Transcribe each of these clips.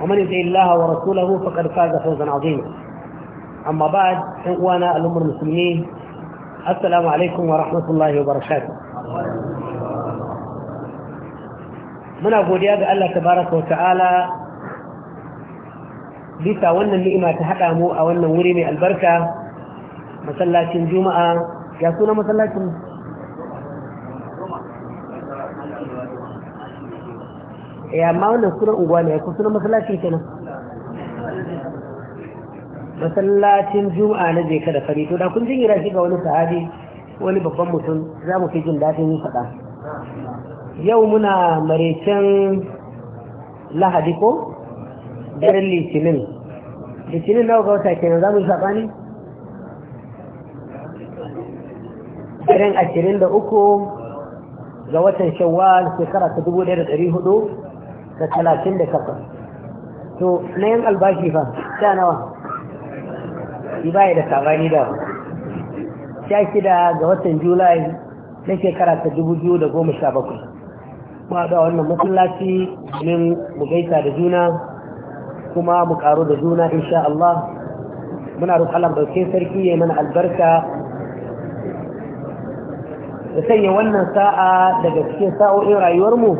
ومن يطع الله ورسوله فقد فاز فوزا عظيما اما بعد اخوانا الامر المسلمين السلام عليكم ورحمه الله وبركاته من godiya ga Allah tabaraka wa ta'ala bisa wannan ni'ima ta hada mu a wannan wuri mai albarka masallacin juma'a ya suna masallacin ya eh, amma wannan sunan unguwa ne ko sunan masallaci kenan masallacin juma'a na je kada fari to da kun jin yara shi ga wani sahabi wani babban mutum za mu fi jin daɗin yin faɗa yau muna maraicen lahadi ko daren litinin litinin nawa ga wata kenan za mu yi saɓani daren ashirin da uku ga watan shawwal shekara ta dubu ɗaya da ɗari hudu da talatin da takwas to na yan albashi fa sha nawa shi baya da sabani da sha shida ga watan julai na shekara ta dubu biyu da goma sha bakwai ma da wannan masallaci domin mu gaisa da juna kuma mu karo da juna insha Allah muna roƙon dauke sarki ya mana albarka da sanya wannan sa'a daga cikin sa'o'in rayuwarmu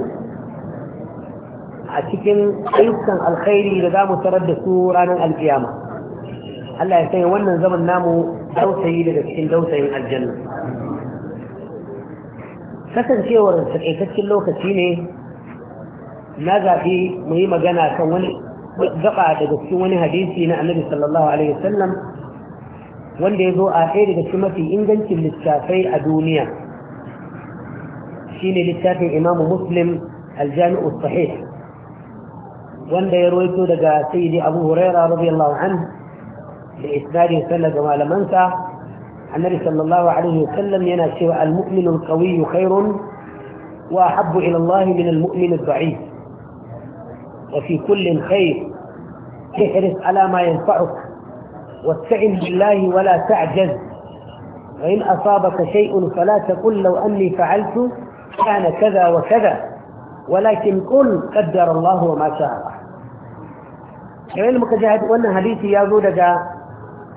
a cikin ayyukan alkhairi da za mu tarar da su ranar alkiyama Allah ya sanya wannan zaman namu dausayi daga cikin dausayin aljanna kasancewar takaitaccen lokaci ne na zafi mu yi magana kan wani gaba daga cikin wani hadisi na annabi sallallahu alaihi wasallam wanda ya zo a ɗaya daga cikin mafi ingancin littafai a duniya shine littafin imamu muslim الجامع الصحيح وان يرويته دقى سيدي أبو هريرة رضي الله عنه لإثباره صلى الله عليه عن النبي صلى الله عليه وسلم يناسب المؤمن القوي خير وأحب إلى الله من المؤمن الضعيف وفي كل خير احرص على ما ينفعك واتعن بالله ولا تعجز وإن أصابك شيء فلا تقل لو أني فعلت كان كذا وكذا ولكن قل قدر الله وما شاء الله yayin muka ji wannan hadisi ya zo daga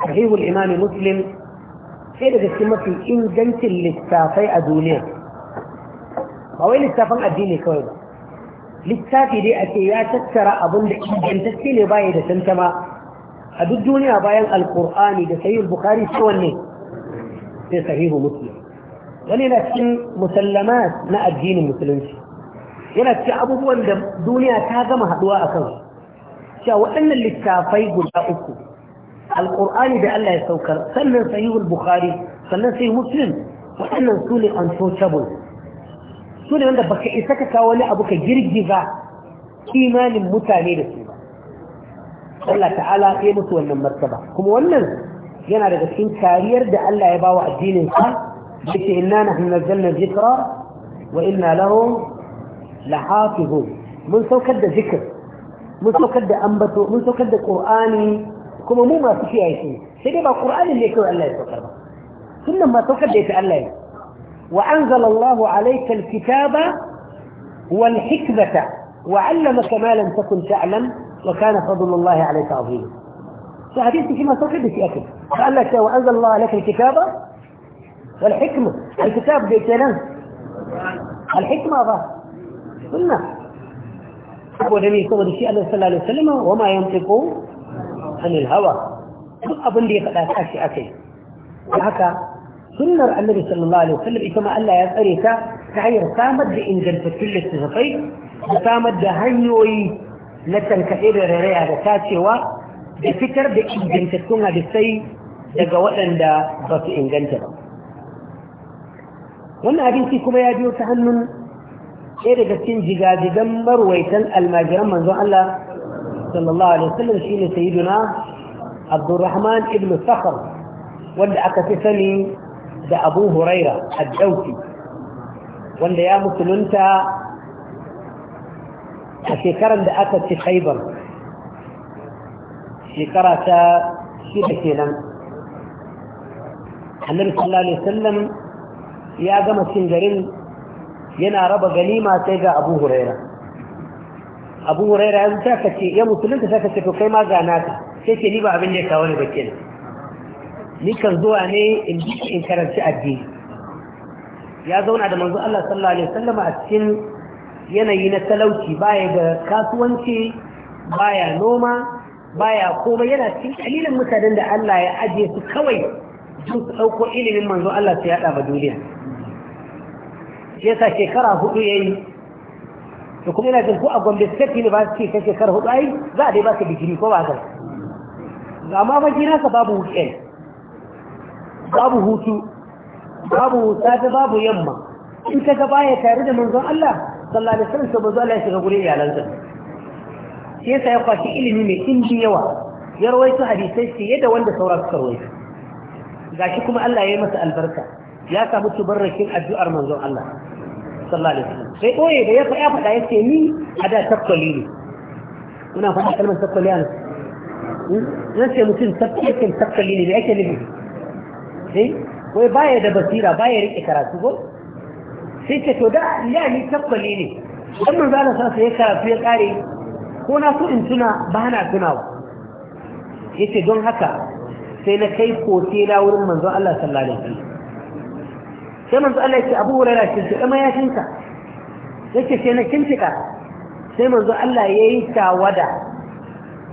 sahihul imami muslim sai daga cikin mafi ingancin littafai a duniya ba wai littafin addini kawai ba littafi dai a ce ya tattara abin da ingantacce ne baya da tantama a duk duniya bayan alkur'ani da sahihul Bukari sai wanne sai sahihu muslim wani yana cikin musallama na addinin musulunci yana cikin abubuwan da duniya ta gama haduwa a kansu cewa waɗannan littafai guda uku alƙur'ani da Allah ya saukar sannan sahihul bukhari sannan sai muslim waɗannan su ne untouchable su ne wanda baka isa ka kawo wani abu ka girgiza kimanin mutane da su ba Allah ta'ala ya mutu wannan martaba kuma wannan yana daga cikin kariyar da Allah ya ba wa addinin sa yake inna nahnu nazzalna dhikra wa inna lahu lahafizun mun saukar da zikir mun saukar da ambato mun saukar da qur'ani kuma mu masu kiyaye shi sai dai ba qur'ani ne kawai Allah ya saukar ba sunnan ma saukar da ita Allah ya wa anzala Allahu alayka alkitaba wal hikmata wa 'allamaka ma lam takun ta'lam wa kana fadlullahi alayka 'azima so hadisi shi ma saukar da shi akai fa Allah ya wa anzala Allahu alayka alkitaba wal hikma alkitab da kenan الحكمة ظهر سنة saboda mai saboda shi Allah sallallahu alaihi wasallam wa ma yantiqu anil hawa duk abin da ya faɗa kashi akai haka sunnar annabi sallallahu alaihi wasallam ita ma Allah ya tsare ta ta hanyar samar da ingantattun littattafai da samar da hanyoyi na tankaɗe da rairaya da tacewa da fitar da ingantattun hadisai daga waɗanda ba su inganta ba wannan abinci kuma ya biyo ta hannun ɗaya daga cikin jigajigan marwaitan almajiran manzon Allah sallallahu alaihi wasallam shine sayyiduna Abdurrahman ibn safar wanda aka fi sani da Abu Huraira ad-Dawsi wanda ya musulunta a shekarar da aka ci Khaibar shekara ta shida kenan Annabi sallallahu alaihi wasallam ya gama cin garin yana raba ganima sai ga abu huraira abu huraira yanzu ta kace ya musulunta ta kace to kai ma ga naka sai ke ni ba abin da ya kawo ni ba kenan ni kan zuwa ne in in karanci addini ya zauna da manzo Allah sallallahu alaihi wasallam a cikin yanayi na talauci baya ga kasuwanci baya noma baya komai yana cikin kalilan mutanen da Allah ya aje su kawai su ɗauko ilimin manzo Allah su yaɗa ba duniya shi yasa shekara hudu yi, da kuma yana jin ko a Gombe State University ta shekara hudu ai za a dai baka digiri ko ba ga amma majina sa babu weekend babu hutu babu safe babu yamma in ka ga baya tare da manzon Allah sallallahu alaihi wasallam to manzon Allah ya shiga gurin iyalansa shi yasa ya kwashi ilimi mai inji yawa ya rawaito hadisai fiye da wanda saura suka rawaito gashi kuma Allah ya yi masa albarka ya samu tubarrakin addu'ar manzon Allah sallallahu alaihi wasallam sai koye da ya faɗa faɗa yace ni a da takwali ne muna faɗa kalmar takwali an yace hmm? mutum takwali takwali ne da yake nufi sai eh? wai baya da basira baya rike karatu ko sai ce to da ya ni takwali ne wannan zana sa sai karatu ya kare ko na so in tuna ba na tunawa yace don haka sai na kai kote na wurin manzon Allah sallallahu alaihi wasallam sai manzo Allah yake Abu Hurairah shi da mayakinka yake sai na kintika sai manzo Allah yayi tawada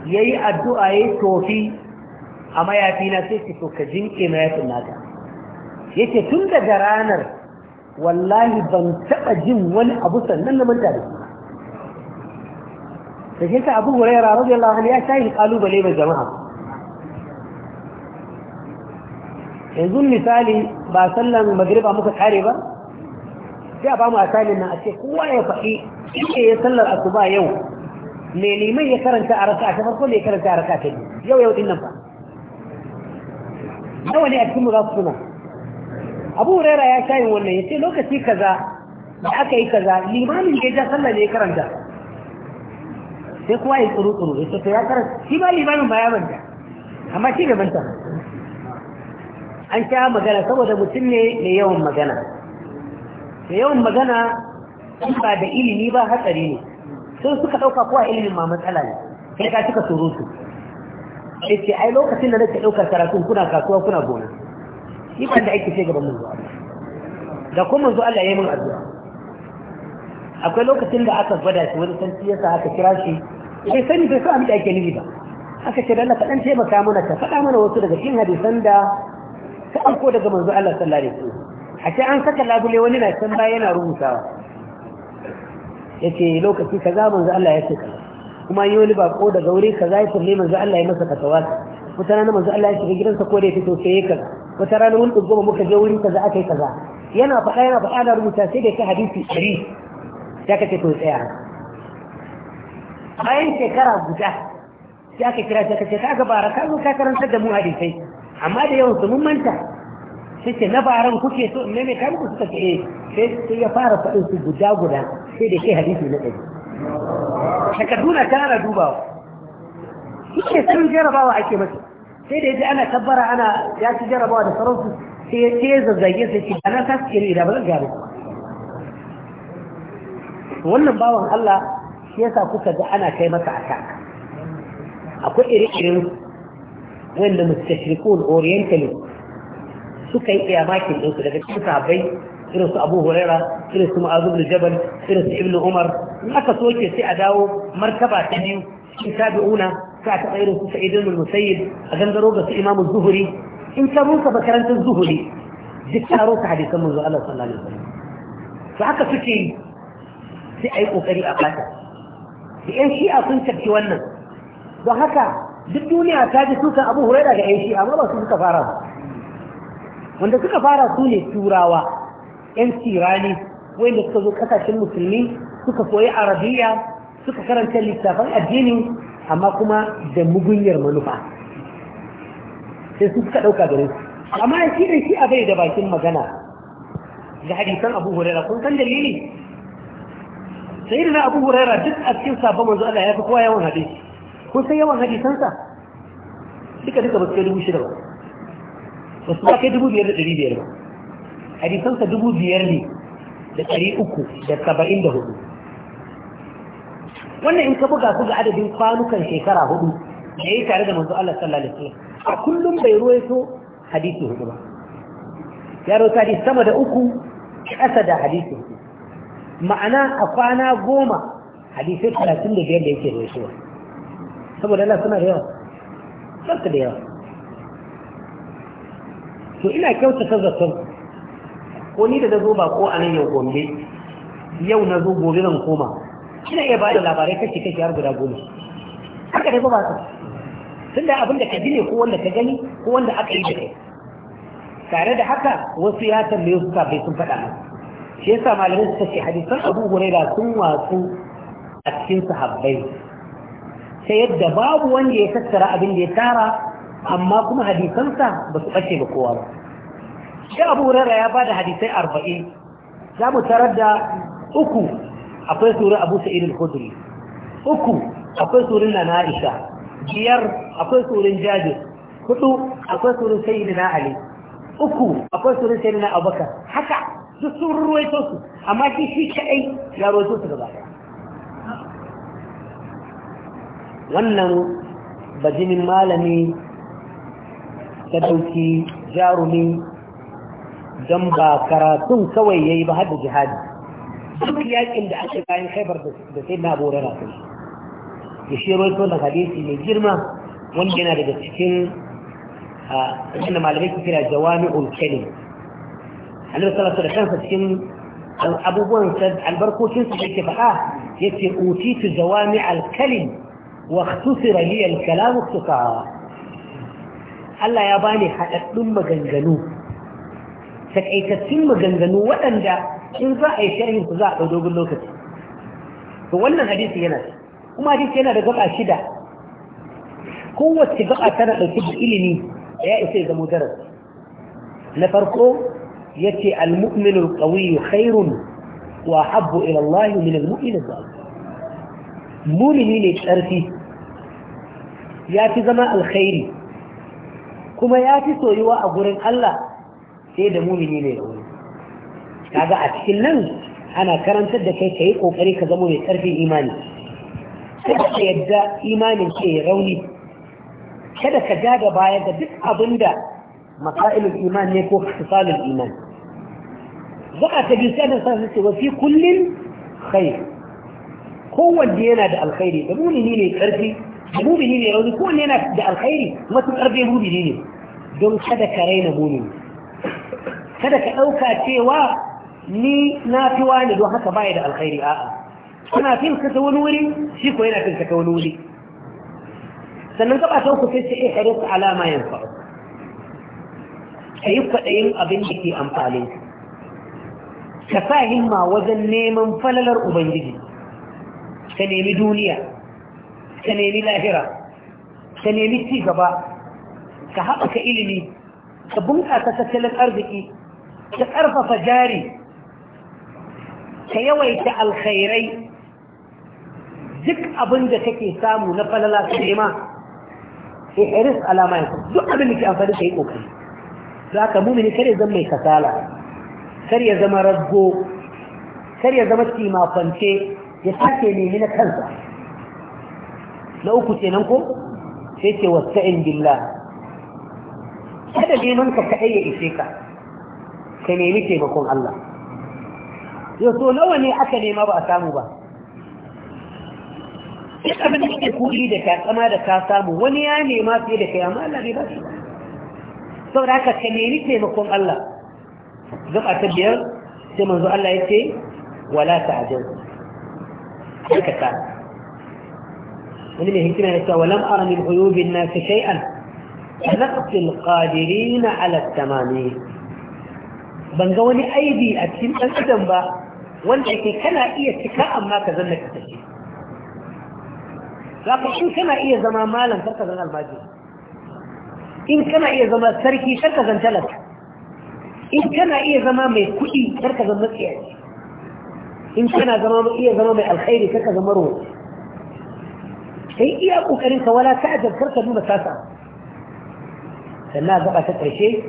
yayi addu'a yayi tofi a mayafi na sai ki to ka jinke mayafin naka yake tun daga ranar wallahi ban taba jin wani abu sannan na manta da shi da shi ka Abu Hurairah radiyallahu anhu ya shayi kalubale mai jama'a yanzu misali ba sallan magriba muka kare ba sai a ba mu asalin nan a ce kowa ya faɗi ke ya sallar asuba yau me liman ya karanta a raka ta farko ne ya karanta a raka ta yau yau din nan ba nawa ne a cikin mu za su suna abu raira ya sha yin wannan ya ce lokaci kaza da aka yi kaza limamin ya ja sallah ne ya karanta sai kowa ya tsuru tsuru ya ce ya karanta shi ba limamin ba ya manta amma shi ne manta an kya magana saboda mutum ne mai yawan magana mai yawan magana ba da ilimi ba hatsari ne sun suka ɗauka kowa ilimin ma matsala ne sai ka suka su sai ce ai lokacin da nake ɗaukar karatun kuna kasuwa kuna gona Shi ban da aiki sai gaban mun zuwa da kuma zuwa Allah ya yi addu'a akwai lokacin da aka gwada shi wani san ya sa aka kira shi sai sani bai so abin da ake nufi ba aka ce da Allah faɗan taimaka mana ka faɗa mana wasu daga cikin hadisan da ta ɗauko daga manzo Allah sallallahu alaihi wasallam a ce an saka labule wani na can baya yana rubutawa yace lokaci kaza manzo Allah ya ce ka. kuma yi wani bako daga wuri kaza ya talle manzo Allah ya masa fatawa wata rana manzo Allah ya shiga gidansa ko da ya fito sai ya kaza wata rana wani ɗugoma muka je wuri kaza aka yi kaza yana faɗa yana faɗa na rubuta sai da ta hadisi ɗari ya ka ce to tsaya bayan shekara guda sai aka kira sai ka ce ka ga bara ka zo ka karanta da mu hadisai amma da yawan su mun manta sai ce na faran kuke so in ta muku suka ce eh, sai sai ya fara faɗin su guda guda sai da ke hadisi na ɗari Shakadu na tara dubawa ke sun jarabawa ake masa sai da yaji ana tabbara ana ya ci jarabawa da sauransu sai ya ce zazzage sai ce ba na ta suke ne da ba zan gano wannan bawan Allah shi yasa kuka ga ana kai masa a akwai ire-iren wanda mustashrikun orientalist suka yi tsayamakin ɗinsu daga cikin sahabbai irin su abu huraira irin su ma'azu bin jabal irin su ibnu umar in aka soke sai a dawo markaba ta biyu cikin tabi'una sai a taɓa irin su sa'idun musayyib a gangaro ga su imamu zuhuri in ta rusa makarantar zuhuri duk ta rusa hadisan manzo Allah sallallahu alaihi wasallam to haka suke sai a yi kokari a fata da yan shi'a sun tafi wannan don haka duk duniya ta ji sukan abu huraira ga yan amma ba su suka fara ba wanda suka fara su ne turawa yan sirani wanda suka zo kasashen musulmi suka koyi arabiya suka karanta littafan addini amma kuma da mugunyar manufa sai su suka ɗauka gare su amma shi ne shi a bai da bakin magana ga hadisan abu huraira kun san dalili sai abu huraira duk a cikin sabon manzo Allah ya fi kowa yawan hadisi kun sai yawan hadisansa duka duka ba su kai dubu shida ba ba su kai dubu biyar da ɗari biyar ba hadisansa dubu biyar ne da ɗari uku da saba'in da hudu wannan in ka buga su ga adadin kwanukan shekara hudu da ya yi tare da manzo Allah sallallahu alaihi wasallam a kullum bai ruwaito hadisi hudu ba ya ruwaito hadisi sama da uku ƙasa da hadisi hudu ma'ana a kwana goma hadisai talatin da biyar da yake ruwaitowa saboda Allah suna da yawa sarta da yawa to ina kyautata zaton ko ni da na zo ba ko a nan yau gombe yau na zo gobe zan koma ina iya ba da labarai kashi kashi har guda goma haka dai ba ba tunda abin da ka ji ne ko wanda ka gani ko wanda aka yi da kai tare da haka wasu ya tambaye su kafin sun faɗa masa shi yasa malamai suka ce hadisan abu huraira sun wasu a cikin sahabbai ta yadda babu wanda ya tattara abin da ya tara amma kuma hadisansa ba su ɓace ba kowa ba shi abu rara ya ba da hadisai arba'in za mu tarar da uku akwai surin abu sa'id al-khudri uku akwai surin na aisha biyar akwai surin jaji hudu akwai surin sayyidina ali uku akwai surin sayyidina abubakar haka duk sun ruwaito amma shi shi kadai ya ruwaito gaba ɗaya wannan bajinin malami ta dauki jarumi don ba karatun kawai ya yi ba hada jihadi duk yakin da ake bayan haifar da sai na bore na kai ya shi roito da hadisi mai girma wanda yana daga cikin wanda malamai ke kira jawami'ul kalim annabi sallallahu da kansa cikin abubuwan albarkokin su yake faɗa yace utitu jawami'al kalim واختصر لي الكلام اختصارا Allah ya bani haɗaɗɗun maganganu takaitattun maganganu waɗanda in za a yi sharhin su za a ɗau dogon lokaci to wannan hadisi yana kuma hadisi yana da gaba shida kowace gaba tana ɗauke da ilimi da ya isa ya zama na farko yace al-mu'minu al-qawiyyu khairun wa habbu ila Allah min al-mu'min al mumini ne ƙarfi ya fi zama alkhairi kuma ya fi soyuwa a gurin Allah sai da mumini ne rauni kaga a cikin nan ana karantar da kai kai kokari ka zama mai ƙarfin imani kada ka yadda imanin ke rauni kada ka ja da baya ga duk abinda masailul iman ne ko fisalul iman za ta bi sai da sa su wafi fi kullin khair kowanne yana da alkhairi da mumini ne karfi da mumini ne rauni kowanne yana da alkhairi kuma sun karfe mumini ne don kada ka raina mumini kada ka ɗauka cewa ni na fi wani don haka baya da alkhairi a'a kana fin ka ta wani wuri shi ko yana fin ka ta wani wuri sannan gaba ta uku sai ce eh haris alama yan fa'u kayi kwaɗayin abin da ke amfani ka sa himma wajen neman falalar ubangiji ka nemi duniya ka nemi lahira ka nemi cigaba, ka haɓaka ilimi ka bunƙasa tattalin arziki ka ƙarfafa jari ka yawaita alkhairai duk abin da kake samu na falala su nema ihris alama ya duk abin da ke amfani ka yi ƙoƙari za ka mumini kar ya zama mai kasala kar zama rasgo kar zama timakwance ya sake nemi na kansa na uku ce nan ko sai ce wasu wasta'in billah kada neman ka kaɗai ya ishe ka ka nemi taimakon Allah yau so nawa ne aka nema ba a samu ba duk abin da ke kuɗi da ka tsama da ka samu wani ya nema fiye da kai amma Allah bai ba shi saboda haka ka nemi taimakon Allah gaba ta biyar sai manzo Allah ya ce wala ta'jal عليك التعب من اللي ولم أرى من عيوب الناس شيئا فنقص القادرين على التمامين بنقوني أيدي أكتن أن أدنبا وانتكي كنا إيا تكاء ما كذنك التشيء لكن إن كنا إيا زمان مالا تركزن الماجين إن كنا هي زمان سركي تركزن تلك إن كنا هي زمان ميكوئي تركزن مكيئي إن كان ذنب إيه ذنب الخير كذا ذمره هي إيه أبوك أنت ولا تعجب فرصة دون أساسا فالله بقى تتعي شيء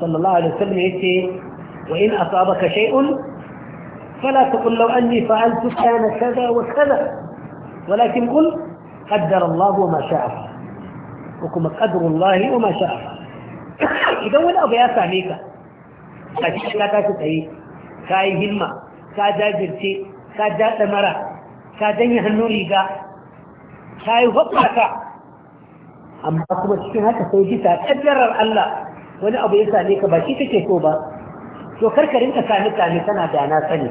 صلى الله عليه وسلم إيه وإن أصابك شيء فلا تقل لو أني فعلت كان كذا وكذا ولكن قل قدر الله وما شاء وكم قدر الله وما شاء إذا ولا أبيات عليك أشياء لا تتعي كاي هلمه ka jajirce ka ja mara, ka janye hannu riga ka yi hoɓɓaka amma kuma cikin haka sai bisa ƙaddarar Allah wani abu ya same ka ba shi kake so ba to karkarin ka sami kame kana da na sani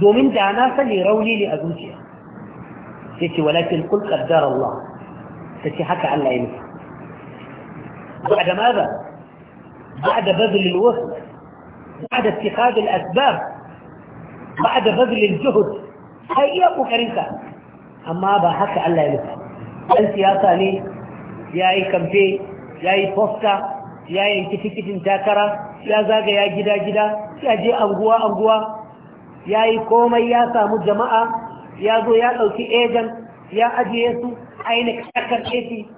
domin da na sani rauni ne a zuciya sai ce walakin kul qaddara Allah sai ce haka Allah ya nufi بعد ماذا بعد بذل الوسط بعد اتخاذ الأسباب ba da bazilin juhud a iya ƙoƙarinka amma ba haka Allah ya nufa ɗan siyasa ne ya yi kamfe ya yi posta ya yanki tikitin takara ya zagaya gida-gida ya je anguwa-anguwa ya yi komai ya samu jama'a ya zo ya ɗauki ejan ya ajiyesu, su ainihin ƙarƙar ƙefi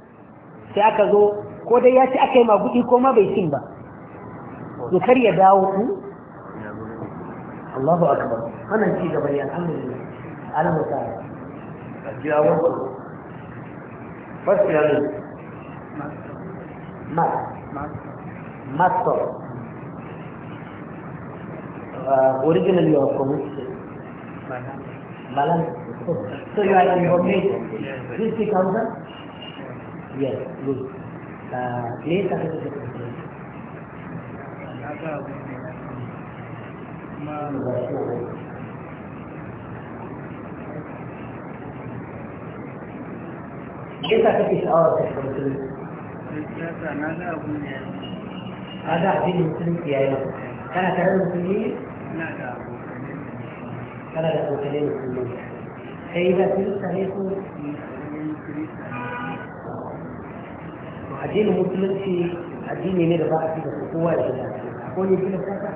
sai zo ko dai ya ci aka yi magudi ko ma bai cin ba zukar ya dawo ku akbar أنا نجي قبل الحمد لله أنا مساعد أجي أول بس يا ليل ما ما صار أوريجين اليوم كمسة بلان so you are information this is comes yes good uh, yasa kake sha'awar ka shiga musulunci ka ga addinin mutum ya yi kana tare da mutum musulmi kana da mutum. abokanai musulmi kai da kirista ne ko addinin musulunci addini ne da ba a ci da kowa da shiga akwai ne kirista ka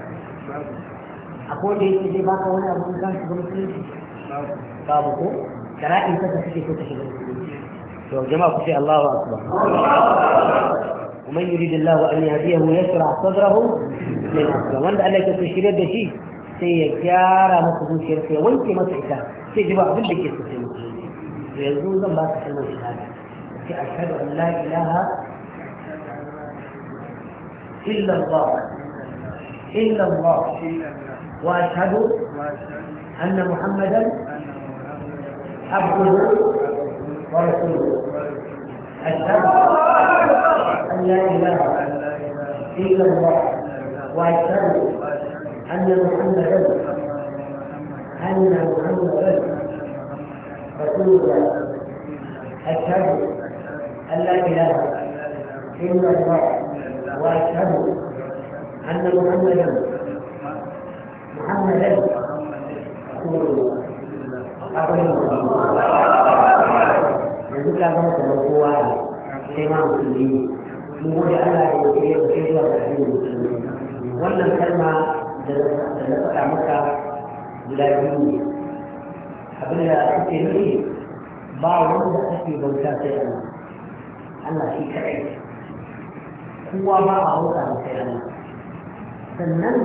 akwai da yake zai baka wani abu kan shiga musulunci babu ko shara'in ka suke so ka shiga musulunci أكبر جماعة في الله أكبر ومن يريد الله أن يهديه ويسرع صدره اكبر وأنت عليك تشير يد شيء سيجارة مصدوم شيء وانت ما تعيشها سيجب أقبل لك يستسلم ويزوزا ما تسلم الشهادة أشهد أن لا إله إلا الله إلا الله وأشهد أن محمدا عبده ورسوله أشهد أن لا إله إلا الله وأشهد أن محمدا أن محمدا رسول الله أشهد أن لا إله إلا الله وأشهد أن محمدا محمدا رسول الله duk da gama kamar kowa sai ma musulmi mun gode Allah da yake yau sai zuwa ga addinin musulmi wannan kalma da na faɗa maka guda biyu ne abin da suke nufi ba wanda ake bauta sai Allah Allah shi kaɗai kowa ba a hauka sai Allah sannan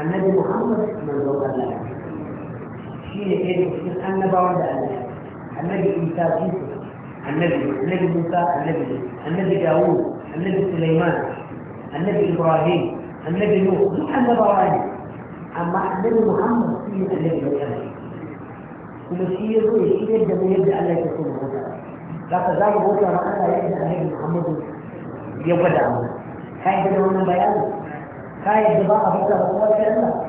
annabi Muhammad manzon Allah shi ne ɗaya da cikin annabawan da Allah annabi Isa Jesus النبي النبي موسى النبي النبي داوود النبي سليمان النبي إبراهيم النبي نوح نوح النبراين أما النبي محمد في النبي الأمري ومسير يسير يبدأ من يبدأ الله يكون موسى لا تزال موسى ما أنا يبدأ النبي محمد يبدأ منه هاي يبدأ من هاي كان يبدأ أبوك رسول الله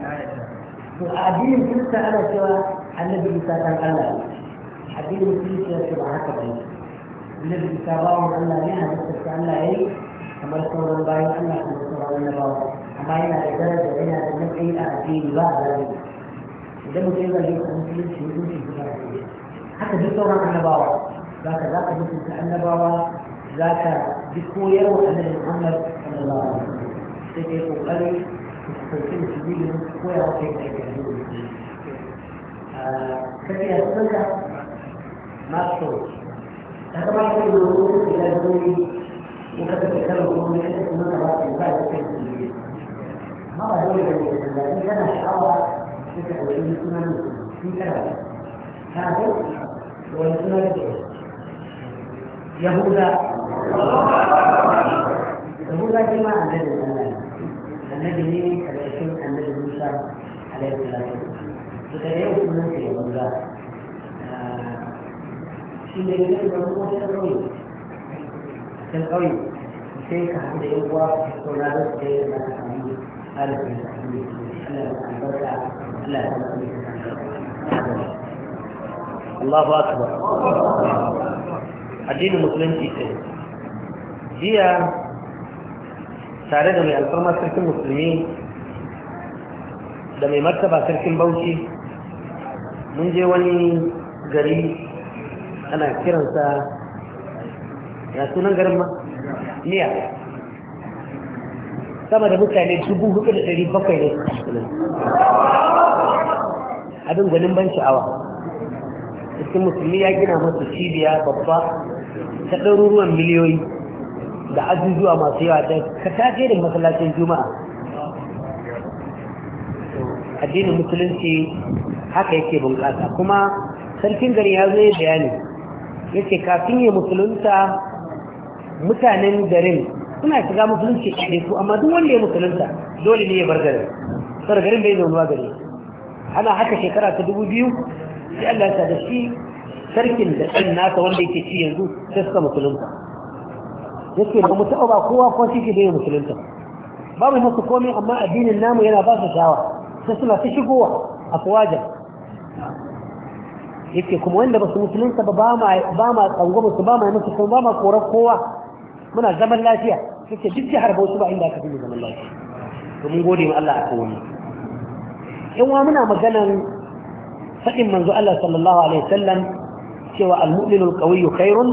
وأدين كنت أنا سوى النبي موسى كان الله أدين كنت سوى هكذا لذلك bawon Allah ne a cikin Allah ya yi kamar sauran bayan Allah kuma sauran annabawa amma yana da daraja yana da matsayi a addini ba a zalimi idan mutum yana yin musulunci mutunci kuma ya yi haka duk sauran annabawa za ka za ka mutunta annabawa za ka bi koyar wa annabi Muhammad sallallahu alaihi wasallam sai kai kokari ku kauce da cikin koyarwa kai da kai da kai. Kafiyar sunka, masu كما يمكن ان نقول الى الدنيا وكذا تتكلم من حيث ان انا بعد التكليف ما هو الذي انا اشعر بتحويل السنن في كلام هذا هو السنن يهوذا يهوذا جماعة النبي النبي موسى عليه السلام فكان يوم من يهوذا إلا الله أكبر الدين المسلم في هي تارد من الفرما سلك المسلمين دمي مرتبة سلك البوشي من جواني قريب ana kiransa ya sunan garin ma miya. sama da mutane dubu hudu da dari bakwai ne abin gwanin ban sha'awa cikin musulmi ya gina masa cibiya babba ta ɗaruruwan miliyoyi da ajujuwa masu yawa ta ka da masallacin juma'a addinin musulunci haka yake bunƙasa kuma sarkin gari ya zai bayani yace kafin ya musulunta mutanen garin suna shiga musulunci a su amma duk wanda ya musulunta dole ne ya bar garin sar garin bai zaunuwa gare ana haka shekara ta dubu biyu sai Allah ya da shi sarkin da ɗan nasa wanda yake ci yanzu sai suka musulunta Ya ce ba mu taɓa ba kowa ko shi bai musulunta babu masu komai amma addinin namu yana ba su shawa sai suna ta shigowa a kuwajen yake kuma wanda ba su musulunta ba ba ma tsangwama su ba ma ba ma kowa muna zaman lafiya yake duk jihar ba inda aka fi zaman lafiya domin gode ma Allah a wa muna maganan faɗin manzo Allah sallallahu alaihi cewa al-mu'minul qawiyyu khairun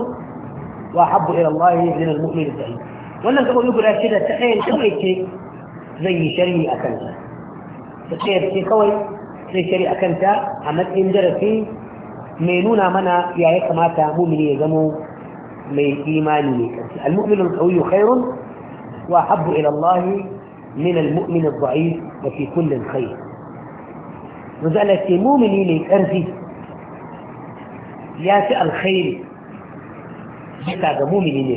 wa habbu ila Allah min al-mu'min wannan gaba guda shida ta ɗayan kawai ce zan yi sharhi a kanta ta ce kawai zai shari'a a kanta a matsayin darasi mai nuna mana ya ya kamata mumini ya zamo mai imani mai ƙarfi al mumin al-qawiyyu khairun wa habbu ila Allah min al-mu'min ad-da'if wa fi kulli khair yanzu Allah ce mumini mai ƙarfi ya fi alkhairi bisa ga mumini ne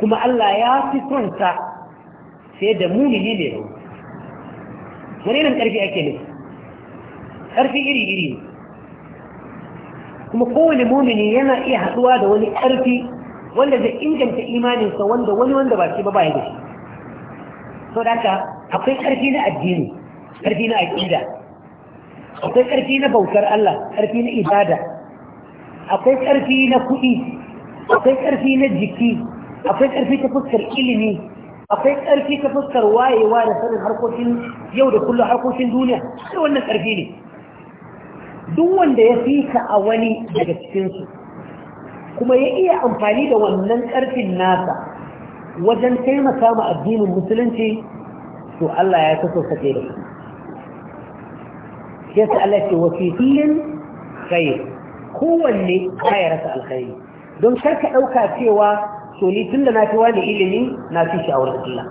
kuma Allah ya fi son sa sai da mumini ne wani irin ƙarfi ake ne? ƙarfi iri-iri ne kuma kowane mumini yana iya haɗuwa da wani ƙarfi wanda zai inganta imaninsa wanda wani wanda ba shi ba ba ya da shi so da haka akwai ƙarfi na addini ƙarfi na aƙida akwai ƙarfi na bautar Allah ƙarfi na ibada akwai ƙarfi na kuɗi akwai ƙarfi na jiki akwai ƙarfi ta fuskar ilimi akwai ƙarfi ta fuskar wayewa da sanin harkokin yau da kullum harkokin duniya sai wannan ƙarfi ne duk wanda ya fi ka a wani daga cikinsu kuma ya iya amfani da wannan ƙarfin nasa wajen taimaka ma addinin musulunci to Allah ya kaso sake da shi sai sa Allah ce wa fi kullin khair kowanne ya rasa alkhairi don kar ka ɗauka cewa to ni tunda na fi wani ilimi na fi shi a wurin Allah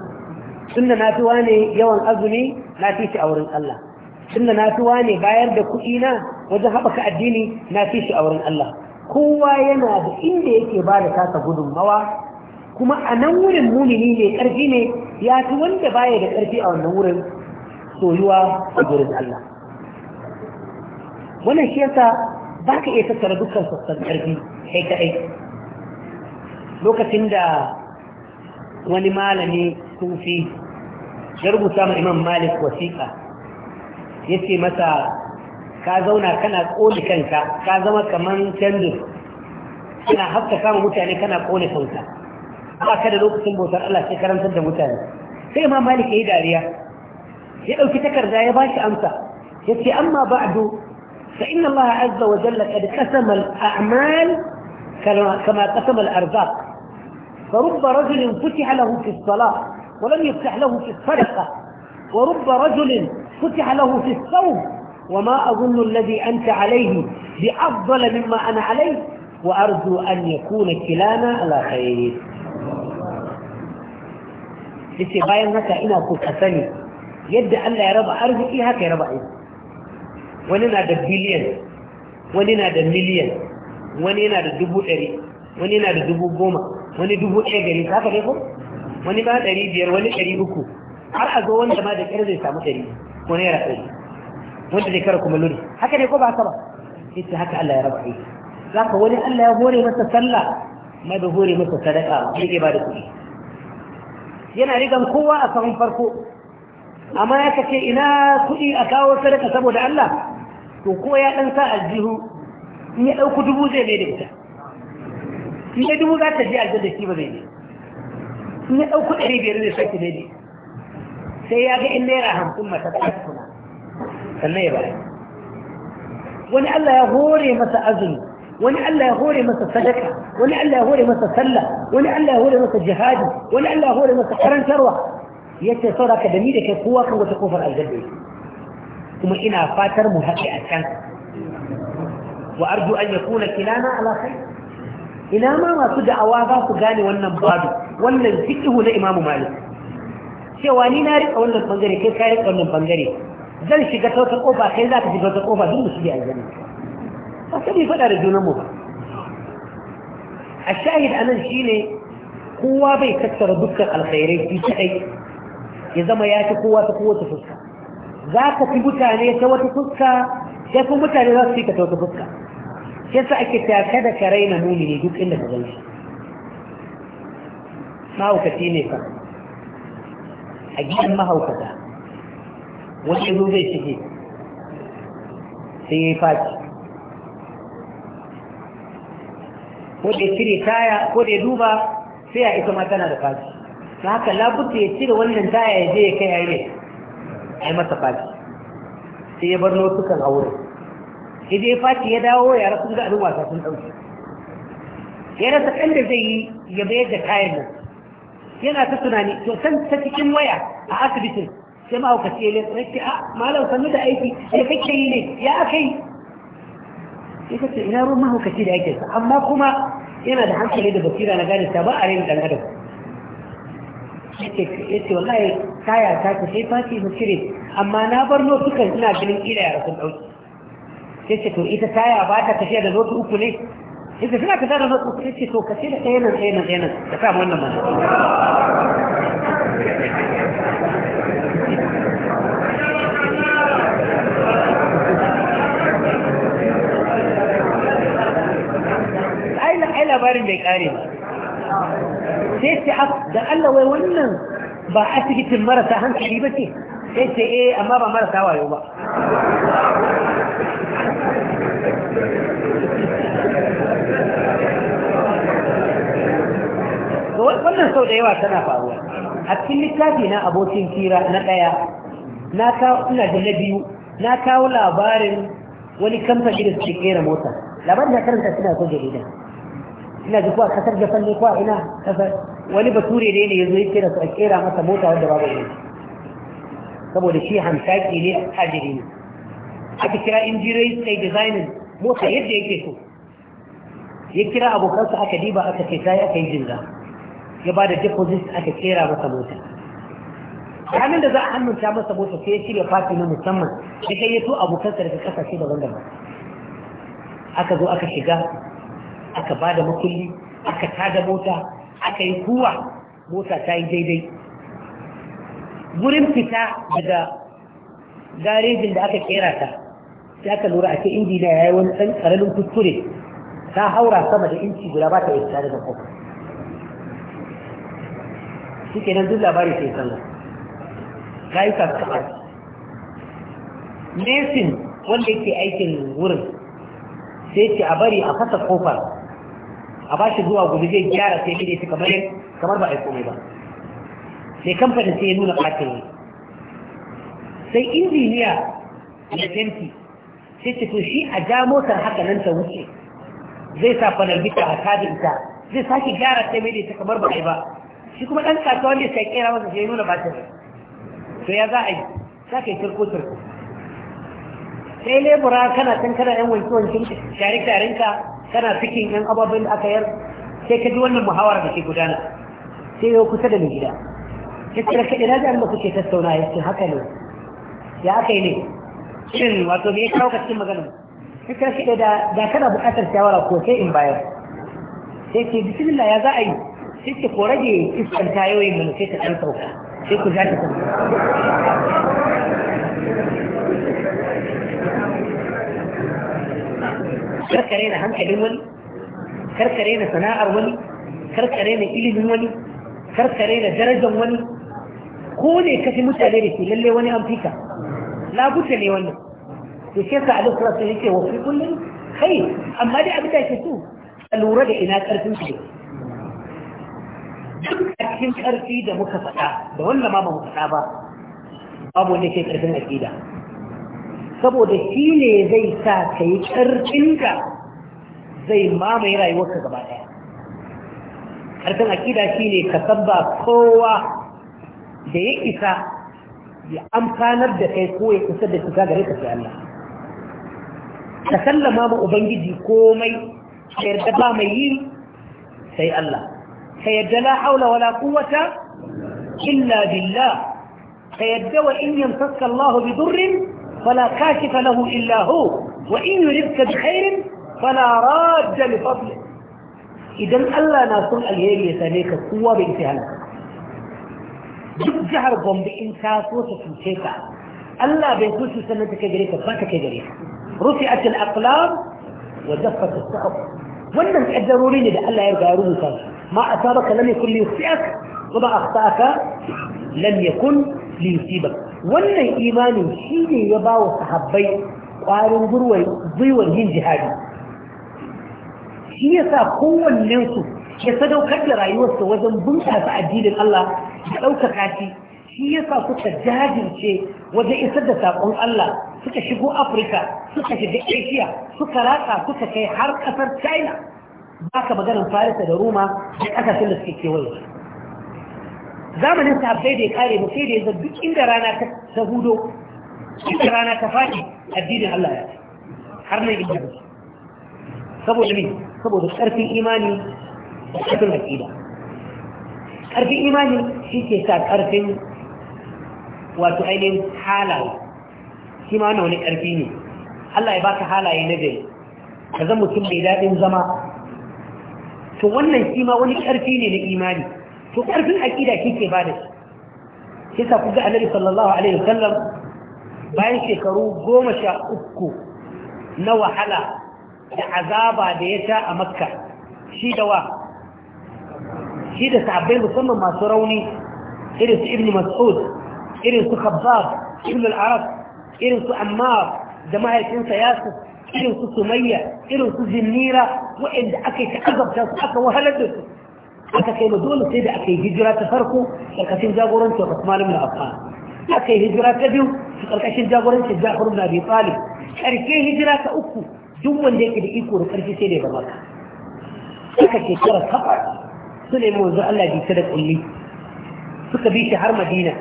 tunda na fi wani yawan azumi na fi shi a wurin Allah tunda na fi wane bayar da kuɗi na wajen haɓaka addini na fi shi a wurin Allah kowa yana da inda yake ba da tasa gudunmawa kuma a nan wurin mumini ne ƙarfi ne ya fi wanda baya da ƙarfi a wannan wurin soyuwa a gurin Allah wannan shi yasa ba ka iya tattara dukkan sassan ƙarfi kai kaɗai lokacin da wani malami sufi ya rubuta ma imam malik wasiƙa yake masa ka zauna kana koli kanka ka zama kaman tendu kana haska kama mutane kana koli kanka ba ka da lokacin bautar Allah sai karantar da mutane sai ma malik yayi dariya ya dauki takarda ya bashi amsa yace amma ba'du fa inna Allah azza wa jalla qad qasama al-a'mal kama qasama al-arzaq فرب رجل فتح له في الصلاة ولم يفتح له في الصدقة ورب رجل فتح له في الثوب وما أظن الذي أنت عليه بأفضل مما أنا عليه وأرجو أن يكون كلانا على خير لسي باين هكا إنا كنت أسني يد ألا يا رب أرزقي هكا يا رب أرزقي ولنا دا بليون ولنا دا مليون ولنا دا دبو أري ولنا دا دبو قومة wani dubu ɗaya gari haka ne ko wani ba ɗari biyar wani ɗari uku har a zo wanda ma da ƙyar zai samu ɗari ko naira ɗari wanda zai kara kuma lori haka ne ko ba haka ba ita haka Allah ya raba aiki za ka wani Allah ya hore masa sallah mai da hore masa sadaka ya ke ba da kuɗi yana rigan kowa a saman farko amma ya kace ina kuɗi a kawo sadaka saboda Allah to ko ya ɗan sa aljihu in ya ɗauku dubu zai mai da ita in ya dubu za ta je aljanna shi ba zai ne in ya ɗauku ɗari biyar zai sake daidai sai ya ga in naira hamsin mata ta kuna sannan ya bayar wani Allah ya hore masa azumi wani Allah ya hore masa sadaka wani Allah ya hore masa sallah wani Allah ya hore masa jihadi wani Allah ya hore masa karantarwa Ya ce sauraka da ni da kai kowa kan wata kofar aljanna kuma ina fatar mu haɗe a can wa arju an yakuna kilana ala khair ina ma masu da'awa za su gane wannan babu wannan fiqhu na Imam Malik cewa ni na rika wannan bangare kai ka rika wannan bangare zan shiga ta wata kofa kai za ka shiga wata kofa duk musu biya aljanna ba sai bai faɗa da junan mu ba a shahid anan shine kowa bai tattara dukkan alkhairai shi kadai ya zama ya ci kowa ta kowace fuska za ka fi mutane ta wata fuska sai kuma mutane za su fi ka ta wata fuska sai sa ake taka da karai na muni ne duk inda ka gan shi mahaukaci ne fa a gidan mahaukata wani zo zai shige sai ya yi faci ko da ya cire taya ko da ya duba sai ya ita ma tana da faci ta haka labuta ya cire wannan taya ya je ya kai a ai masa faci sai ya bar lotukan aure sai dai faci ya dawo ya rasu ga alwasa sun dauke ya rasa kan da zai yi ya bayar da kayan nan yana ta tunani to san ta cikin waya a asibitin sai mahaukaci ya lantsa yake a ah, malam sannu da aiki ya kake yi ne ya aka yi ya kace ina ruwan mahaukaci da yake amma kuma yana da hankali da basira na gane ta ba a rin dan adam yace wallahi kaya ta ta sai fati mu cire amma na bar notukan ina ganin ila ya rasu dauki yace to ita kaya ba ta tafiya da notu uku ne إذا في فينا كثيرا نطلق في كثيرا كثيرا كثيرا كثيرا كثيرا تفهموا إنما أين أين بارين بيك آرين سيتي حق ده ألا ويولنا باعتي جيت المرة تاهم حبيبتي سيتي إيه أما بمرة تاوى يوبا wannan sau da yawa tana faruwa a cikin littafi na abokin tira na ɗaya na kawo ina da na biyu na kawo labarin wani kamfani da suke kera mota labarin da karanta suna so jarida ina ji kuwa kasar da ne kuwa ina kasar wani bature ne ya zo ya kera su a kera masa mota wanda babu ina saboda shi hamsaki ne a tajiri ne aka kira injirai sai designin mota yadda yake so ya kira abokansa aka diba aka ce yi aka yi jinza ya ba da deposit aka kera masa mota ranar da za a hannunta masa mota sai ya shirya fati na musamman ya kai ya to abokansa daga kasashe daban-daban aka zo aka shiga aka ba da makulli aka tada mota aka yi kuwa mota ta yi daidai wurin fita daga garejin da aka kera ta sai aka lura a ce injina ya yi wani ɗan ƙaramin kuskure ta haura sama da inci guda ba ta yi tare da suke nan duk labari sai sallah ka yi kaska'ar mesin wanda yake aikin wurin sai ce a bari a fasa kofar a ba shi zuwa gudu zai gyara sai gide shi kamar kamar ba a yi komai ba sai kamfanin sai ya nuna katin sai injiniya na fenti sai ce to shi a ja motar haka nan ta wuce zai sa fanar bita a kaji ita zai sake gyara sai mai ta kamar ba a yi ba shi kuma ɗan kasuwa ne sai kera masa sai nuna bacin rai to ya za a yi za ka yi turko turko sai lebura kana can kana yan wanke wanke share tarinka kana cikin yan ababen da aka yar sai ka ji wannan muhawara da ke gudana sai yau kusa da mai gida ya tsira kaɗe na ji an ke kuke tattauna ya ce haka ne ya aka yi ne shin wato me ya kawo ka cikin maganar ya tsira kaɗe da kana buƙatar shawara ko sai in bayar sai ce bisimila ya za a yi sai ki ko rage iskan tayoyin mu sai ta ɗan sauka sai ku za ta sauka karkare na hankalin wani karkare na sana'ar wani karkare na ilimin wani karkare na darajar wani ko ne kafi mutane da ke lalle wani an fika labuta ne wannan to shi yasa alaihi salatu yake wa fi kullum kai amma dai abin da ke so a lura da ina karfin shi duk a cikin ƙarfi da muka faɗa da wannan ma ba mu faɗa ba babu wanda ke ƙarfin aƙida saboda shi ne zai sa ka yi ƙarfin ka zai mamaye rayuwarka gaba ɗaya ƙarfin aƙida shi ne ka sabba kowa da ya isa ya amfanar da kai ko ya kusa da shiga gare ka sai Allah ka sallama ma ubangiji komai ka yarda ba mai yi sai Allah خيد لا حول ولا قوة الا بالله خيد وان يمسك الله بضر فلا كاشف له الا هو وان يردك بخير فلا راد لفضله إ ذ ن الا نصل ا ل ي ل ي ت ن ي ك ق و ة بانتهاك جبت جهر بومب إ ن س ا ن وصفه شيكا الا بيتوس سنتك جريكا فاتك جريكا رفعت ا ل أ ق ل ا م ودفت السقف وانك الضروري لان الله يرجع يروي ا ل ص ا ل ح ما أصابك لم يكن ليخطئك وما أخطأك لم يكن ليصيبك wannan imanin shi ne ya ba wa sahabbai ƙwarin gwiwar yin jihadi shi ya sa kowannensu ya sadaukar da rayuwarsa wajen bunƙasa addinin Allah da ɗaukaka shi shi ya sa kuka jajirce wajen isar da saƙon Allah suka shigo Afirka suka shiga Asia suka ratsa suka kai har ƙasar China ba ka maganin farisa da roma da ƙasashen da suke kewaye zamanin sahabbai da ya kare ba sai da ya zai duk inda rana ta hudo inda rana ta faɗi addinin Allah ya har nan inda ba saboda me saboda ƙarfin imani da ƙarfin aƙida ƙarfin imani shi ke sa ƙarfin wato ainihin halaye shi ma wani ƙarfi ne Allah ya baka halaye na gari ka zan mutum mai daɗin zama to wannan shi ma wani ƙarfi ne na imani to ƙarfin aƙida kike ba da shi yasa ku ga annabi sallallahu alaihi wasallam bayan shekaru goma sha uku na wahala da azaba da ya sha a makka shi da wa shi da musamman masu rauni irin su ibn mas'ud irin su khabbab ibn al-arab irin su ammar da mahaifinsa yasuf irin su sumayya irin su zinnira waɗanda aka yi ta azabta su aka wahalar da su aka kai ma dole sai da aka yi hijira ta farko ƙarƙashin jagorancin Usman ibn Affan aka yi hijira ta biyu su ƙarƙashin jagorancin Ja'far ibn Abi Talib ƙarke hijira ta uku duk wanda yake da iko da ƙarfi sai da ya zama aka ce tara kafa su ne manzo Allah bi ta da kulli suka bi shi har Madina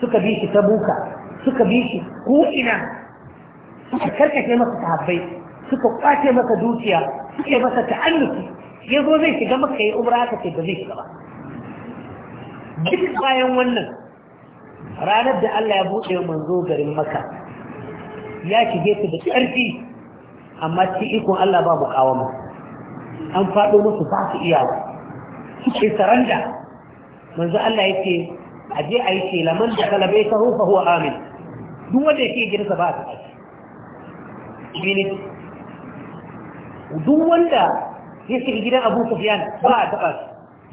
suka bi shi ta buka suka bi shi ko ina suka karkace masa sahabbai suka kwace masa dukiya suke masa ta'annuki ya zo zai shiga maka ya umra aka ce ba zai shiga ba duk bayan wannan ranar da Allah ya buɗe manzo garin maka ya shige su da ƙarfi amma ci ikon Allah ba mukawama an faɗo musu ba su iya suke saranda manzo Allah ya ce a je a yi ce laman da kalabai sahu fa huwa amin duk wanda ya yake girsa ba su unity duk wanda ya shiga gidan abu sufiyan ba a taɓa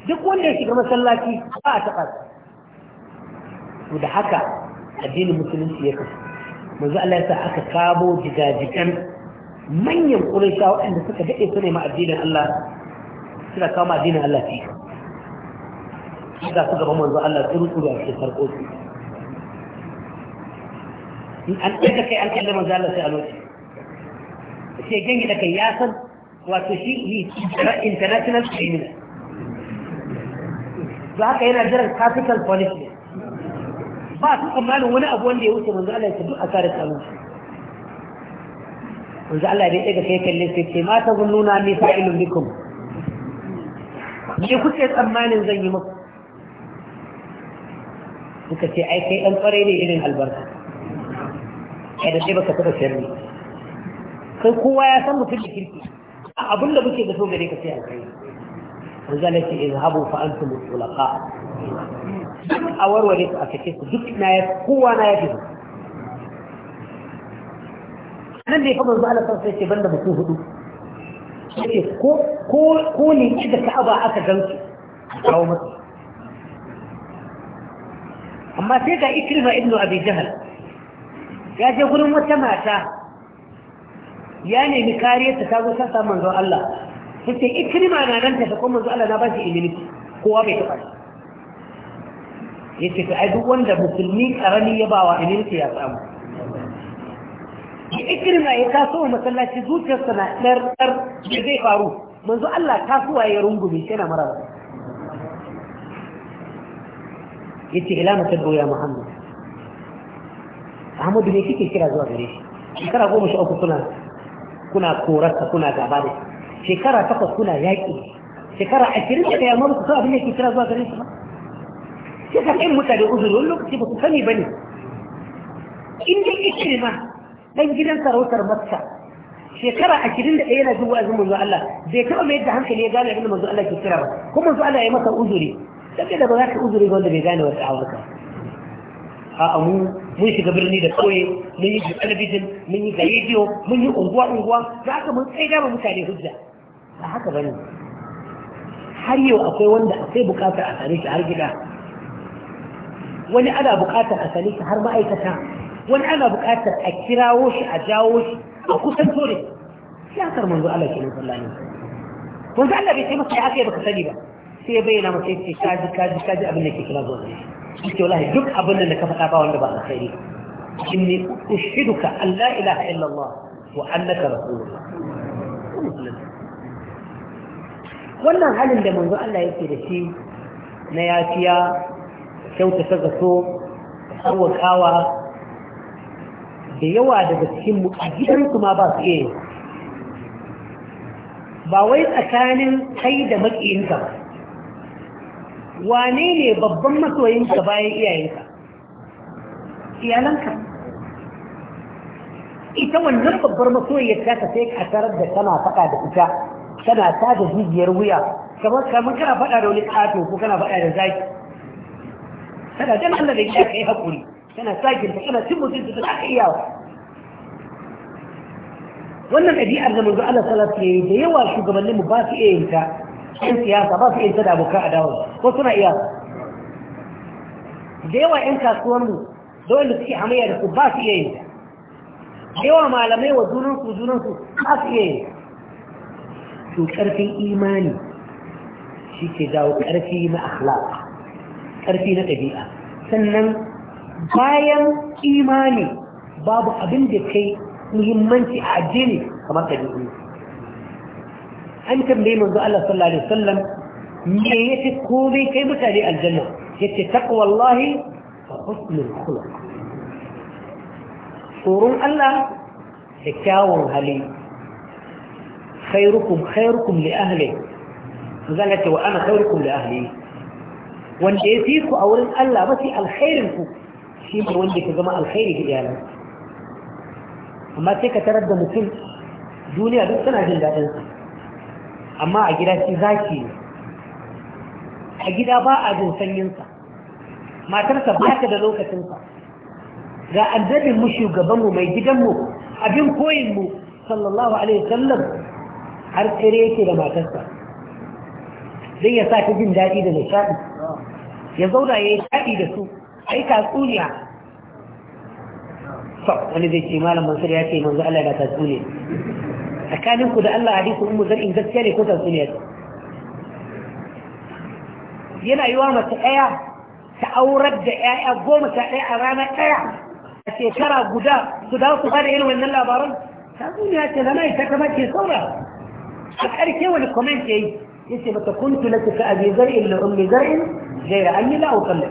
shi duk wanda ya shiga masallaci ba a taɓa shi to da haka addinin musulunci ya kasu manzo Allah ya sa aka kabo jigajigan manyan ƙuraisha waɗanda suka daɗe su ne ma addinin Allah suna kama addinin Allah fi suka su gaban manzo Allah tsuru tsuru a cikin sarƙoƙi in an ɗaga kai an kalli manzo Allah sai a lokaci sai gangi da kai ya san wato shi international criminal za haka yana jiran capital punishment ba su tsammanin wani abu wanda ya wuce manzo Allah ya duk a kare tsaro manzo Allah bai daga kai kalle sai ce mata zunnuna ni fa'ilun bikum me kuke tsammanin zan yi muku suka ce ai kai dan kware ne irin albarka kada da sai baka taba sharri kai kowa ya san mutum da kirki abin da muke da so gare ka sai alkhairi manzo Allah ce izhabu fa antum tulaqa a warware su a kace su duk na ya kowa na ya fi nan da ya kama zuwa alasar sai ce ban da mutum hudu yake ko ne ki da ka'aba aka gan su a kawo masu amma sai ga ikirma ibnu abi jahal ya je gurin wata mata ya nemi kariyarta ta tazo sassa manzon Allah sai ikrima na nan ta kuma manzon Allah na ba shi immunity kowa bai taba yace ta ai duk wanda musulmi karami ya bawa immunity ya samu ikrima ya taso masallaci zuciyarsa na dar dar da zai faru manzo Allah tasowa ya rungume shi yana mara yace ila mata ya Muhammad Ahmadu ne kike kira zuwa gare shi shekara goma sha uku suna kuna korarsa kuna gaba da shekara takwas kuna yaƙi shekara ashirin da kayan mabuka abin da ke kira zuwa gare su ba sai ka kai mutane uzuri wani lokaci ba ku sani ba ne in dai ikiri ma ɗan gidan sarautar makka shekara ashirin da ɗaya yana jin wa'azin manzo Allah bai taɓa mai da hankali ya gane abin da manzo Allah ke kira ba kuma manzo Allah ya masa uzuri saboda ba za ka uzuri ga wanda bai gane wata awaka a mu mun shiga birni da koye mun yi talabijin mun yi rediyo mun yi unguwa unguwa za ka mun tsaida dama mutane hujja ba haka bane har yau akwai wanda akwai bukatar a sare shi har gida wani ana bukatar a sare shi har ma'aikata wani ana bukatar a kirawo shi a jawo shi a kusan da shi ya karmanzu Allah ke nan sallallahu alaihi wasallam manzo Allah bai sai masa ya aka yi baka sani ba sai bayyana masa yace kaji kaji kaji abin da ke kira zuwa yake wallahi duk abin da ka faɗa ba wanda ba alkhairi inni ushiduka an la ilaha illa Allah wa annaka rasulullah wannan halin da manzo Allah yake da shi na yafiya kyautata gaso, tsawakawa da yawa daga cikinmu a gidansu ma ba su iya ba wai tsakanin kai da maƙiyinka ba wane ne babban masoyinka bayan iyayenka iyalanka ita wannan babbar masoyiyar ta ka sai ka tarar da tana faɗa da ita tana ta da jijiyar wuya kamar kamar kana faɗa da wani ƙato ko kana faɗa da zaki tana jan Allah da ya kai hakuri tana sakin ta kana cin mutunci da aka iya wannan ɗabi'ar da manzo Allah sallallahu alaihi da yawa shugabanninmu ba su iya yin ta 'yan siyasa ba su iya da abokan adawa ko suna iya da yawa 'yan kasuwanmu da wanda suke hamayya da su ba su iya yin da yawa malamai wa junansu junansu ba su iya yin to ƙarfin imani shi ke dawo ƙarfi na akhlaq ƙarfi na ɗabi'a sannan bayan imani babu abin da kai muhimmanci a addini kamar ɗabi'u an tambaye manzo Allah sallallahu alaihi wasallam me yace komai kai mutane aljanna yace taqwallahi fa husnul khuluq tsoron Allah da kyawun hali khairukum khairukum li ahli zalata wa ana khairukum li ahli wanda ya fi ku a wurin Allah mafi alkhairin ku shi ne wanda ka zama alkhairi ga iyalan amma sai ka tarar da mutum duniya duk tana jin daɗin sa amma a gida shi zaki ne a gida ba a jin sanyinsa matarsa ba ta da lokacinsa ga mu shugabanmu mai gidanmu abin koyinmu sallallahu alaihi wasallam har tsere yake da matarsa zai ya sa ta jin daɗi da nishaɗi ya zauna ya yi shaɗi da su a yi tatsuniya wani zai ce malam mansur ya ce manzo Allah da tatsuniya tsakaninku da Allah hadisi ummu zar'in gaskiya ne ko tatsuniya yana yiwa mace ɗaya ta aurar da ƴaƴa goma sha ɗaya a rana ɗaya a shekara guda su dawo su bada irin wannan labaran tatsuniya ce zama ita ta ke saura a ƙarshe wani comment ya yi ya ce mata kuntu na ka abi zar'in na ummi zar'in gaira an yi la'ukan da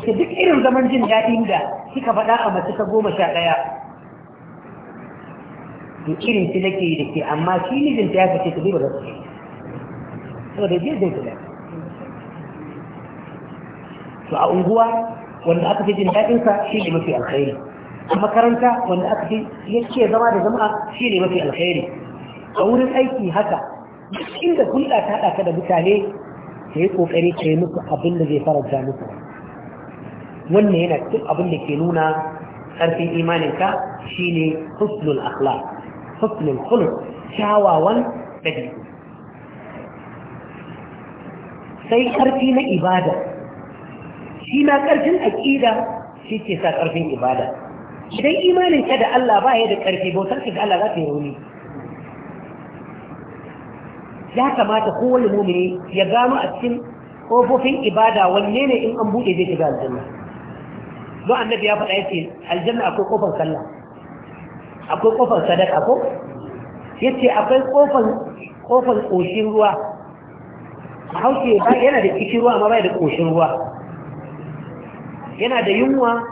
duk irin zaman jin daɗin da kika faɗa a mace ta goma sha ɗaya to irin shi nake da ke amma shi mijinta ya ce ta duba da su so da jiya zai kula to a unguwa wanda aka fi jin daɗin daɗinsa shi ne mafi alkhairi a makaranta wanda aka fi yake zama da jama'a shi ne mafi alkhairi a wurin aiki haka inda hulɗa ta haɗa ka da mutane ka yi ƙoƙari ka yi muku abin da zai faranta musu wannan yana cikin abin da ke nuna ƙarfin imaninka ne husnul akhlaq husnul khuluq kyawawan dabi'u sai karfi na ibada shi na karfin aƙida shi ke sa karfin ibada idan imanin ka da Allah ba ya da karfi bautar ka ga Allah za ta yi rauni ya kamata kowane mumini ya gano a cikin kofofin ibada wanne ne in an buɗe zai aljanna annabi ya faɗa ya ce aljanna akwai ƙofar sallah akwai kofar sadaka ko yace akwai kofar kofar koshin ruwa haushe ba yana da kishin ruwa amma bai da koshin ruwa yana da yunwa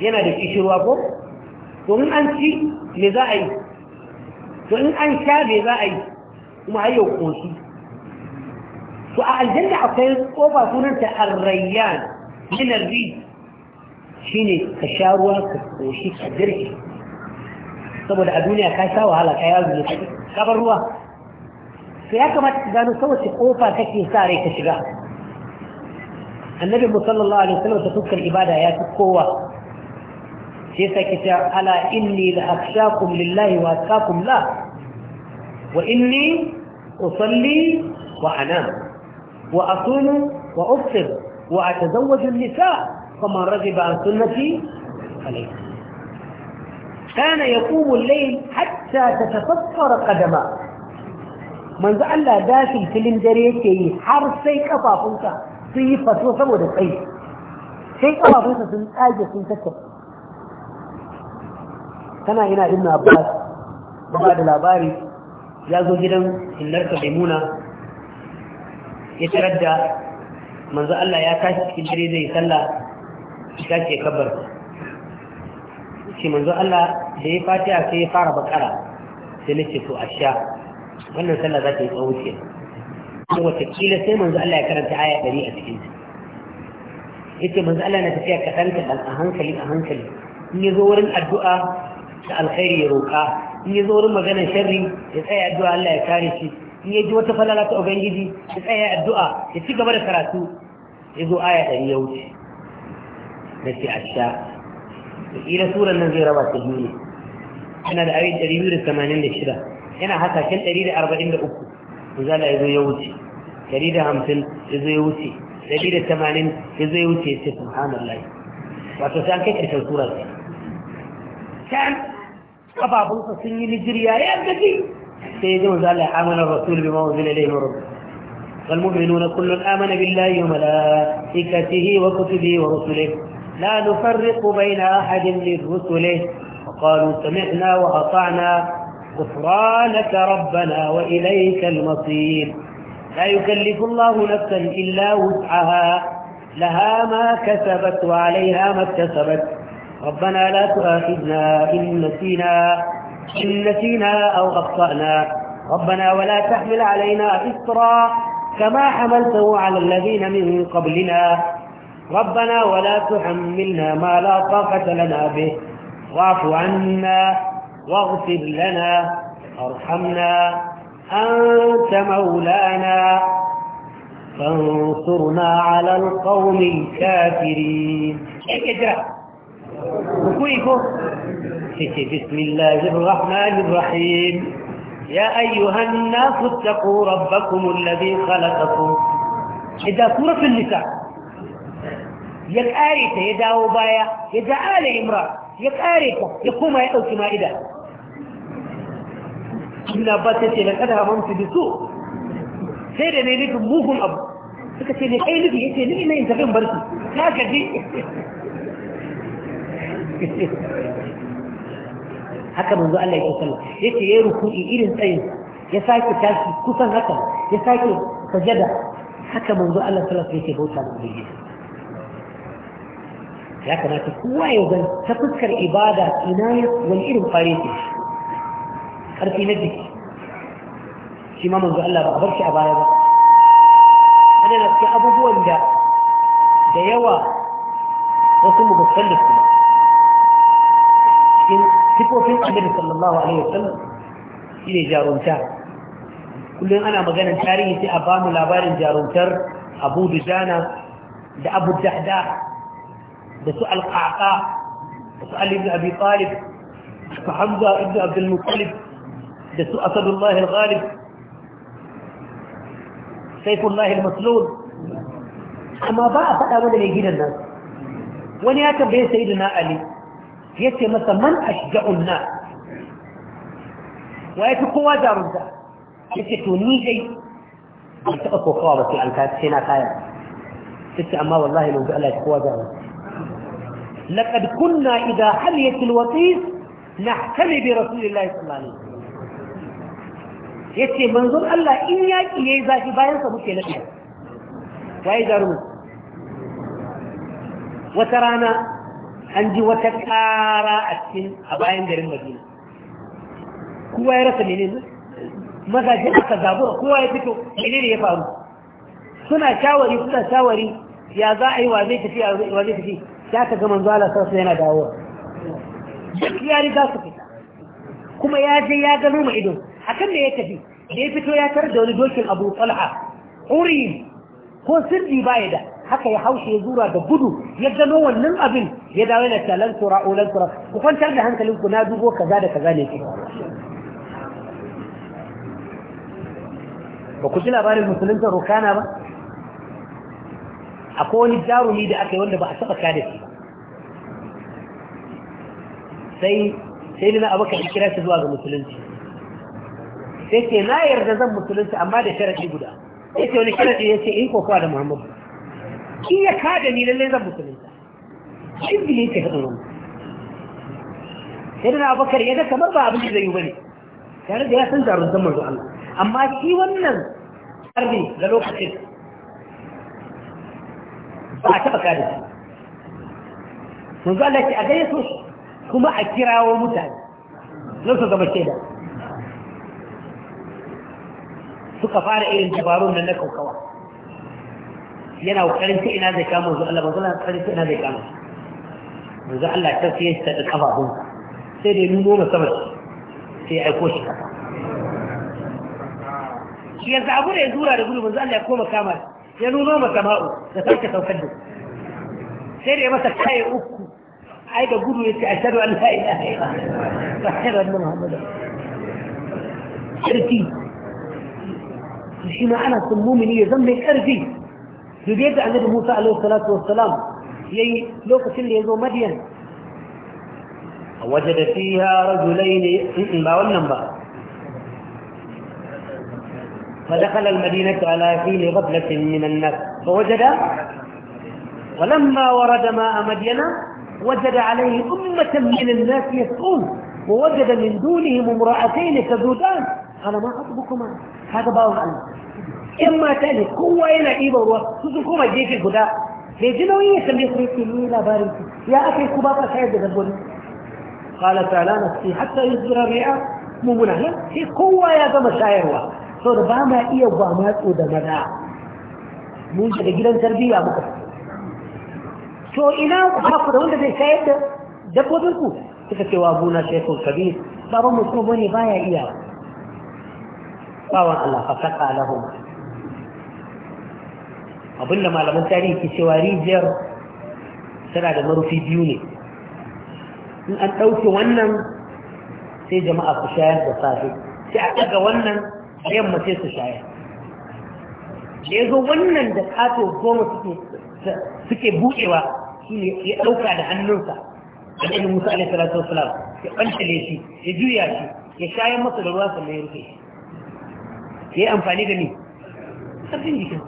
yana da kishin ruwa ko domin an ci me za a yi to in an sha me za a yi kuma har yau koshi to a aljanna akwai kofa sunanta arrayyan min arri shine ka sha ruwa ka koshi ka girki saboda a duniya ka sha wahala ka yawo ne ka bar ruwa sai ya kamata ka gano saboda kofa kake sa rai ka shiga annabi sallallahu alaihi wasallam ta tukar ibada ya fi kowa sai sa ki ta ala inni la akhshakum lillahi wa atqakum la wa inni usalli wa anam wa asumu wa uftir wa atazawwaju an-nisa فمن رغب عن سنتي عليه كان يقوم الليل حتى تتفطر قدماه من ذا الله داخل في المدريك حرسي كفافوك في فتوسة ودقية في كفافوسة في آجة من تكر كان هنا ابن عباس وبعد الاباري يا زوجي لم تنرك بيمونة يترجى من ذا الله يا كاشف في المدريك يسلى ita ce kabar shi manzo Allah da ya fatiha sai ya fara bakara sai na ce to a sha wannan sallah za ta yi tsawo ce kuma watakila sai manzo Allah ya karanta aya ɗari a cikin ta ce, manzo Allah na tafiya kaɗan kaɗan a hankali a hankali in ya zo wurin addu'a ta alkhairi ya roƙa in ya zo wurin maganar sharri ya tsaya addu'a Allah ya kare shi in ya ji wata falala ta ubangiji ya tsaya addu'a ya ci gaba da karatu ya zo aya ɗari ya wuce نسي عشاء إلى سورة النبي ربا تجميل أنا الآية الدليل الثمانين لشدة أنا حتى كان دليل أربعين لأكو وزال إذو يوتي دليل همسن إذو يوتي دليل الثمانين إذو يوتي سبحان الله وأتوسان كيف تسورة كان أبا بلطة سنين الجريا يا أبدي سيدنا وزال آمن الرسول بما أنزل إليه رب والمؤمنون كل آمن بالله وملائكته وكتبه ورسله لا نفرق بين أحد من رسله وقالوا سمعنا وأطعنا غفرانك ربنا وإليك المصير لا يكلف الله نفسا إلا وسعها لها ما كسبت وعليها ما اكتسبت ربنا لا تؤاخذنا إن نسينا إن نسينا أو أخطأنا ربنا ولا تحمل علينا إسرا كما حملته على الذين من قبلنا ربنا ولا تحملنا ما لا طاقة لنا به واعف عنا واغفر لنا ارحمنا أنت مولانا فانصرنا على القوم الكافرين هيك بسم الله الرحمن الرحيم يا أيها الناس اتقوا ربكم الذي خلقكم إذا سورة النساء ya kare ta ya dawo baya ya ja ala imra ya kare ta ya koma ya dauki ma'ida ibn abbas ya ce la kada hamamtu bi su sai da ne nufin mugun abu suka ce ne kai nufi yace ni ina yin tafin barki na gaji haka manzo Allah ya sallah yace yayi ruku'i irin tsayin ya sake tashi kusan haka ya sake sajada haka manzo Allah sallallahu alaihi wasallam yake bauta da ubangiji يا كناتي هو أيضا ستذكر عبادة إناية والإلم قريتي أرتي ندي شما من ذو الله أبرش أبايا أنا لك أبو هو إلا ديوى وصم بصلك إن تقوى في النبي صلى الله عليه وسلم إلي جارون شار كل أنا مغانا شاري أبامو لابارن جارون شار أبو دجانا أبو الدحداح ده قعقاع سؤال ابن ابي طالب فحمزه ابن عبد المطلب ده سؤال اسد الله الغالب سيف الله المسلول اما بقى فدا من يجينا الناس وني هكا بيه سيدنا علي يتي مثلا من اشجع الناس ويتي قوة جاردة يتي تونيجي يتي اطفو خالص يعني كانت هنا خير يتي اما والله لو قال لك قوة جاردة لقد كنا إذا حليت الوطيس نحتمي برسول الله صلى الله عليه وسلم yace manzon Allah in yaƙi ya yi zafi bayansa muke lafiya ta yi zaru wata rana an ji wata ƙara a cikin a bayan garin madina kowa ya rasa menene ne mazajen aka zabu kowa ya fito menene ya faru suna shawari ya za a yi wa tafi Ya ta ga manzo Allah sarsa yana dawo. duk ya riga su fita kuma ya je ya gano ma ido akan da ya tafi da ya fito ya tar da wani dokin Abu Talha uri ko sirri ya da haka ya haushe ya zura da gudu ya gano wannan abin ya dawo yana talan tura ulan oh, tura ku kwantar da hankalin ku na dubo kaza da kaza ne ke ba ku ji labarin musulunta rokana ba akwai wani jarumi da aka yi wanda ba a saba kada shi ba sai sai dina abokan kira shi zuwa ga musulunci sai ke na yarda zan musulunci amma da sharaɗi guda sai ce wani sharaɗi ya ce in kokowa da muhammadu Ki ya kada ni lallai zan musulunta shi biyu ke kaɗin wani sai na abokan ya ga kamar ba abin da zai yi bane tare da ya san jarumtan manzo Allah amma shi wannan ƙarni ga lokacin ba a taɓa kada shi manzo Allah ce a gare su kuma a kirawo mutane don su zama shaida suka fara irin dabarun nan na kaukawa yana ƙarin ta ina zai kama manzo Allah ba Allah kokarin ta ina zai kama manzo Allah ta sai ta da kafafun sai da nuno na sama sai ya aiko shi kafa shi yanzu abu da ya zura da gudu manzo Allah ya koma kama ya nuno masa ma'u da sake saukar da sai da ya masa kaye uku ai da gudu ya ce a shaɗu an la'i da haila ba a shaɗu annan muhammadu ƙarfi shi ma ana sun mumini ya zan mai ƙarfi duk yadda annabi musa alaihi salatu wassalam ya yi lokacin da ya zo madiyan وجد فيها رجلين با wannan ba فدخل المدينة على حين غفلة من الناس فوجد ولما ورد ماء مدينة وجد عليه أمة من الناس يسقون ووجد من دونهم امرأتين تذودان قال ما أطبكما هذا باب الله إما تاني قوة إلى إيبا وسوسكما جيش الهدى لجنوية يسمي خريطي لي إلى بارك يا أخي كباقة شاهد ذنبوني قال تعالى نفسي حتى يصدر الرئة مو منهلا في قوة يا ذا مشاعرها saboda ba ma iya gwamatsu da maza mun shiga gidan tarbiyya muka to ina ku da wanda zai shayar da dabbobin ku suka ce wa gona shekul kabir baban mutum bane baya iya bawan Allah fa saka lahum abinda malaman tarihi ke cewa rijiyar tana da marufi biyu ne in an ɗauke wannan sai jama'a ku shayar da safe sai a ɗaga wannan da yamma sai su shayar da ya zo wannan da kato goma suke buɗewa shi ne ya ɗauka da hannunsa da ɗan musa alaihi salatu wasalam ya ɓantale shi ya juya shi ya shayar masa da ruwa sannan ya rufe ya yi amfani da ni sabbin jikin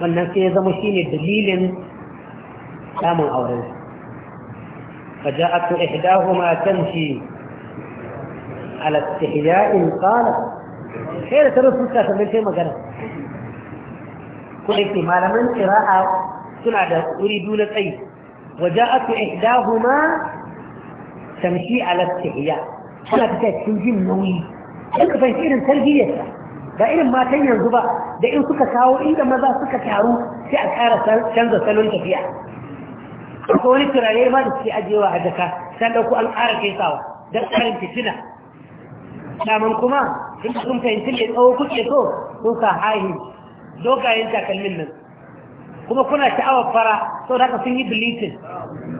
wannan sai ya zama shi ne dalilin samun auren فجاءت إحداهما تمشي على استحياء قال خير ترى سكا تنبي شيء مغانا كل ما لمن قراءة سنة أريدون أي وجاءت إحداهما تمشي على استحياء suna fita cikin jin nauyi sai ka irin tarbiyyarsa ba irin matan yanzu ba da in suka kawo inda maza suka taru sai a ƙara canza salon tafiya ko wani turare ma da suke ajiyewa a jaka san an kara fesawa don ƙarin daman kuma in sun fahimci ne tsawo kuke so sun ka haihu dogayen takalmin nan kuma kuna sha'awar fara sau da haka sun yi deleting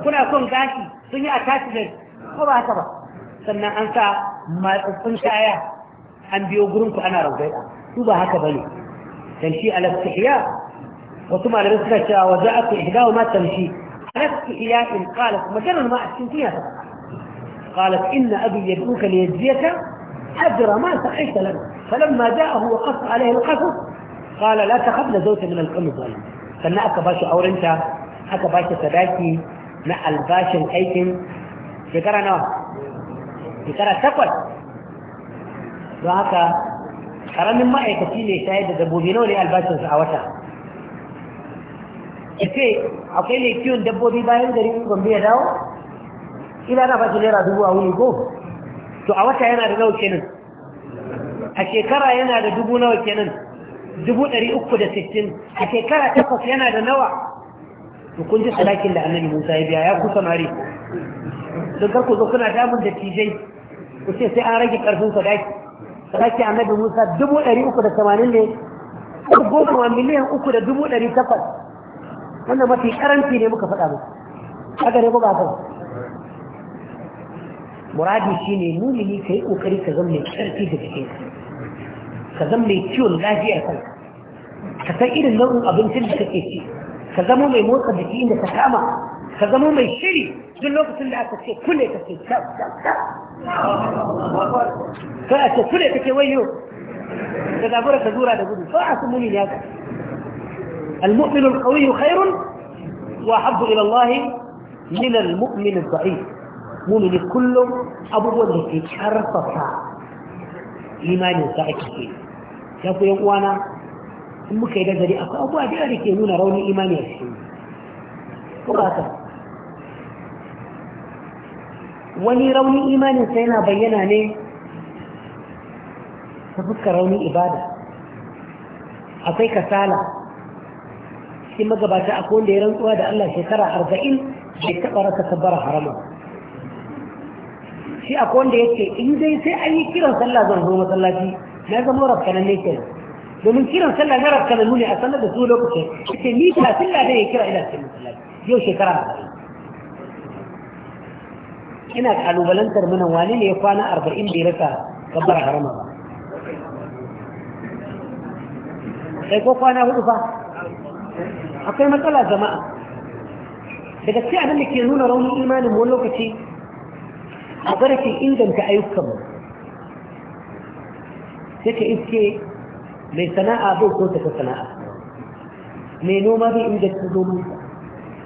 kuna son gashi sun yi attachment ko ba haka ba sannan an sa matsatsun kaya an biyo gurinku ana raugaita su ba haka ba ne tamshi alastihiya wasu malamai suka cewa waje aka ihdawa ma tamshi alastihiya in kala kuma jarar ma a cikin kunya ta قالت إن أبي يدعوك ليجزيك أجر ما سعيت لنا فلما جاءه وقص عليه القصص قال لا تخف لزوجة من القوم الظالمين sannan aka bashi aurenta aka bashi sadaki na albashin aikin shekara nawa shekara takwas don haka karamin ma'aikaci ne shayar da dabbobi nawa ne albashinsa a wata ce akwai ne kiwon dabbobi bayan garin gombe ya dawo ina na naira dubu a wuni ko to a wata yana da nawa kenan a shekara yana da dubu nawa kenan dubu ɗari uku da sittin a shekara takwas yana da nawa to kun ji sadakin da annabi musa ya biya ya kusa mare don kar ku zo kuna damun da tijai ku ce sai an rage ƙarfin sadaki sadaki annabi musa dubu ɗari uku da tamanin ne ko goma miliyan uku da dubu ɗari takwas wannan mafi karanci ne muka faɗa muku haka ne ko ba haka muradi shine mumini kai kokari ka zama mai karfi da cikin ka zama mai ciwon lafiyar kanka ka san irin nau'in abincin da kake ci ka zama mai motsa jiki inda ka kama ka zama mai shiri duk lokacin da aka ce kule ka ce ta ta ta ka a ce kule ka ce wayo ka zabura ka zura da gudu kawai a su muni ya ga المؤمن القوي خير واحب الى الله من المؤمن الضعيف mumini kullum abubuwan da ke karfafa imanin sa ake ke ya ku yan uwana in muka yi dagari akwai abubuwa da da ke nuna raunin imani a cikin ko ba ta wani raunin imanin sa yana bayyana ne ta fuska raunin ibada akwai kasala shi magabata akwai wanda ya rantsuwa da Allah shekara arba'in bai taɓa rasa tabbara harama shi akwai wanda ya ce in dai sai an yi kiran sallah zan zo masallaci na zama rafkanan ne kenan domin kiran sallah na rafkanan ne a sanar da su lokacin ita ni ta sallah da ya kira ina cikin masallaci yau shekara arba'in ina kalubalantar mana wani ne ya kwana arba'in da ya rasa kabbar harama ba sai ko kwana hudu ba akwai matsala jama'a daga cikin abin da ke nuna raunin imanin wani lokaci a barkin inganta ayyukan mu sai ka iske mai sana'a bai ko ta sana'a mai noma bai inganta nomansa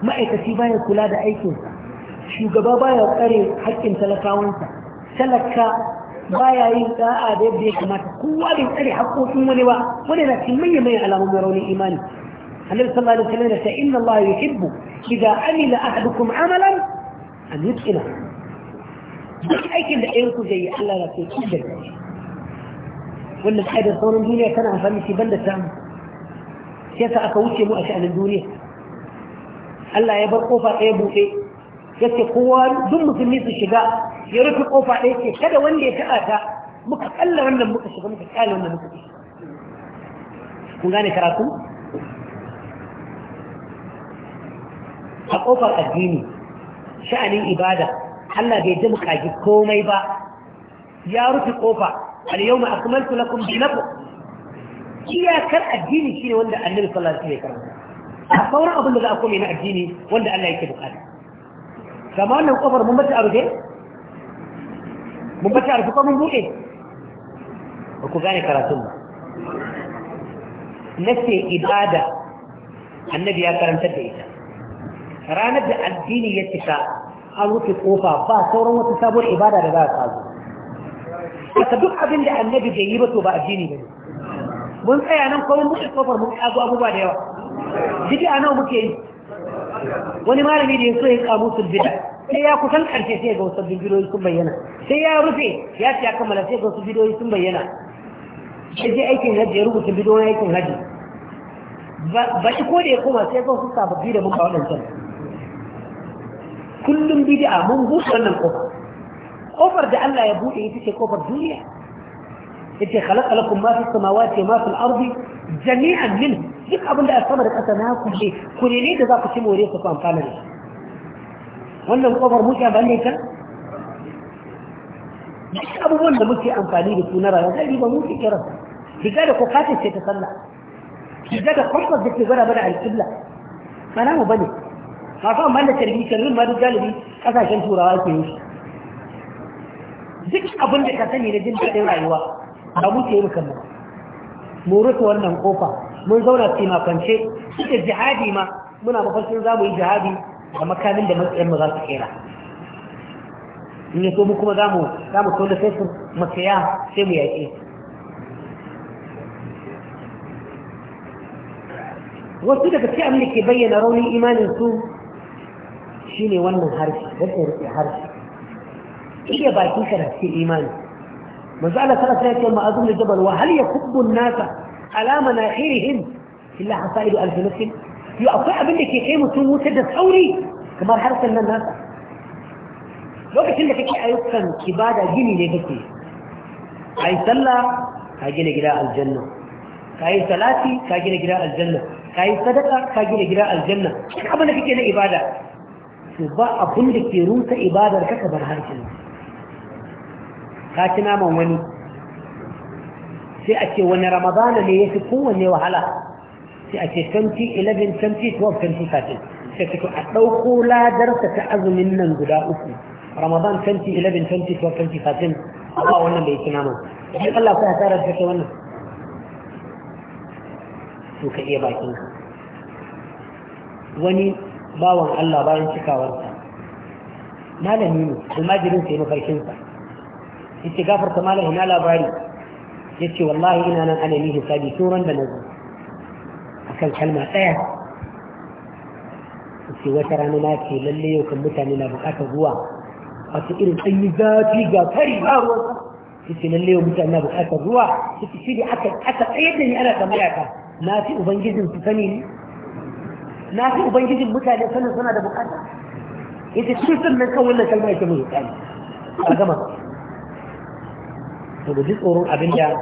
ma'aikaci baya kula da aikinsa shugaba baya tsare haƙƙin talakawansa talaka baya yin da'a da yadda ya kamata kowa bai tsare haƙƙoƙin wani ba wani na cikin manyan manyan alamun rauni imani annabi sallallahu alaihi wasallam da ta inna Allah yuhibbu idza amila ahadukum amalan an yutqina duk aikin da ɗayan ku zai yi Allah na sai da shi wannan tsadar sauran duniya tana amfani shi banda samu shi yasa aka wuce mu a sha'anin duniya Allah ya bar kofa ɗaya buɗe yake kowa duk musulmi su shiga ya rufe kofa ɗaya ce kada wanda ya taɓa ta muka kalla wannan muka shiga muka kyale wannan muka shiga kun gane karatu a ƙofar addini sha'anin ibada Allah bai ji mukaji komai ba ya rufe kofa al-yawma akmaltu lakum dinakum iyakar addini shine wanda Annabi sallallahu alaihi wasallam a sauran abin da za a kome na addini wanda Allah yake bukata kama wannan kofar mun bata arfe mun bata arfe ko mun buɗe ba ku gane karatun ba nace ibada annabi ya karanta da ita ranar da addini ya cika an rufe kofa ba sauran wata sabuwar ibada da za a samu haka duk abin da annabi bai yi ba to ba addini ba ne mun tsaya nan kuma mun kofar mun kago abubuwa da yawa jiki a nawa muke yi wani malami da ya so ya sun bida sai ya kusan karshe sai ga wasu bidiyoyi sun bayyana sai ya rufe ya ce ya kammala sai ga wasu bidiyoyi sun bayyana sai je aikin hajji ya rubuta bidiyoyin aikin hajji ba shi ko da ya koma sai ga wasu sababbi da ba waɗancan كل بدعة من بوش عن الكفر كفر ده الله يبوش يتشي كفر دنيا انت خلق لكم ما في السماوات وما في الأرض جميعا منه ديك عبد الله الصبر اتناكم ليه كل ليه ده ذاك الشيء وليه صفا انفعنا ليه وانا الكفر مش عبد الله ليش ابو وانا مش انفعني لكو نرى هذا اللي بموش كرم بجالة كفاتي سيتصلى بجالة خطة ذكي غرى بلع بني kafin amfani da tarbi carbin ma duk galibi kasashen turawa ke yi duk abin da ka sani na jin daɗin rayuwa ba mu ke yi kan mu rufe wannan kofa mun zauna fi makance da jihadi ma muna mafarkin za mu yi jihadi da makamin da matsayin mu za su kera in ya so mu kuma za mu tona sai su masaya sai mu yaƙe wasu daga cikin da ke bayyana raunin imanin su ne wannan harshe rashin rike harshe iya baki ka da cikin imani manzo Allah sallallahu alaihi wasallam azum jabal wa hal yakubbu an-nasa ala manakhirihim illa hasaid al-jannah yo akwai abin da ke kai mutum wuta da sauri kamar harshen nan nasa lokacin da kake ayyukan ibada gini ne kake ai sallah ka gina gida aljanna ka yi salati ka gina gida aljanna ka yi sadaka ka gina gida aljanna abin da kake na ibada to ba abin da ke rusa ibadar ka ka bar harshen ka ci naman wani sai a ce wani ramadana ne ya fi kowanne wahala sai a ce 2011 2012 2013 sai ka to a ɗauko ladarsa ta azumin nan guda uku ramadan 2011 2012 2013 ba wannan bai ci naman sai Allah ku hasarar ta wannan to ka iya bakinka wani bawan Allah bayan cikawarsa malami ne almajirin sai mafarkinsa ya ce gafarta malami na labari ya ce wallahi ina nan ana ni hisabi tun da na zo a kalma ɗaya ya ce wata rana na ce lalle yau kan mutane na buƙatar zuwa wata irin ɗanyi zafi ga fari ba ruwansa ya ce lalle yau mutane na buƙatar ruwa ya ce shi ne aka tsaye da ni ana tambaya ka na fi ubangijin su sani ne na fi ubangijin mutane sanin suna da bukata ita ce nan kan wannan kalma ita mai tsari a gama to da ji tsoron abin da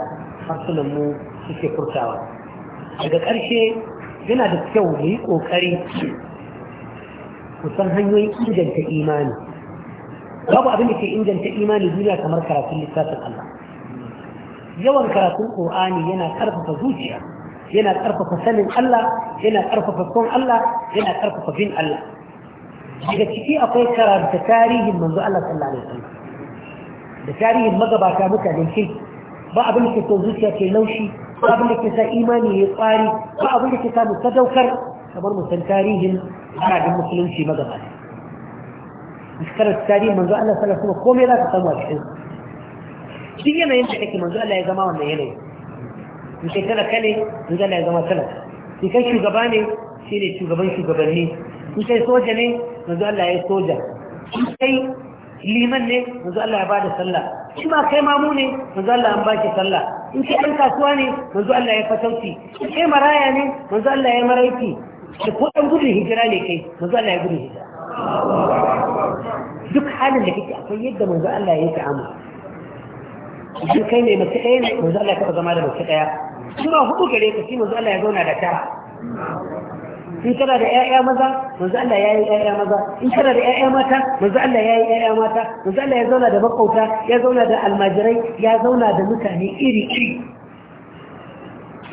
harsunan mu suke furtawa daga ƙarshe yana da kyau mu yi ƙoƙari kusan hanyoyin inganta imani babu abin da ke inganta imani duniya kamar karatun littafin Allah yawan karatun Qur'ani yana ƙarfafa zuciya yana ƙarfafa sanin Allah yana ƙarfafa son Allah yana ƙarfafa bin Allah daga ciki akwai karanta tarihin manzo Allah sallallahu alaihi wasallam da tarihin magabata mutane shi ba abin da ke so zuciya ke laushi ba abin da ke sa imani ya kwari ba abin da ke sa mu sadaukar kamar mu san tarihin harabin musulunci magabata karanta tarihin manzo Allah sallallahu alaihi wasallam komai za ka samu a cikin duk yanayin da kake manzo Allah ya zama wannan yanayin in kai talaka ne in gana ya zama talaka in kai shugaba ne shi ne shugaban shugabanni in kai soja ne manzo Allah ya yi soja in kai liman ne manzo Allah ya bada sallah shi ba kai mamu ne manzo Allah an baki sallah in kai ɗan kasuwa ne manzo Allah ya fatauci in kai maraya ne manzo Allah ya maraiki da ko ɗan gudun hijira ne kai manzo Allah ya gudun hijira duk halin da kake akwai yadda manzo Allah ya yi ta'amuli idan kai ne mace ɗaya ne manzo Allah ya taɓa zama da mace ɗaya sura hudu gare ka shi manzo Allah ya zauna da tara in kana da ƴaƴa maza manzo Allah ya yi ƴaƴa maza in kana da ƴaƴa mata manzo Allah ya yi ƴaƴa mata manzo Allah ya zauna da makauta ya zauna da almajirai ya zauna da mutane iri iri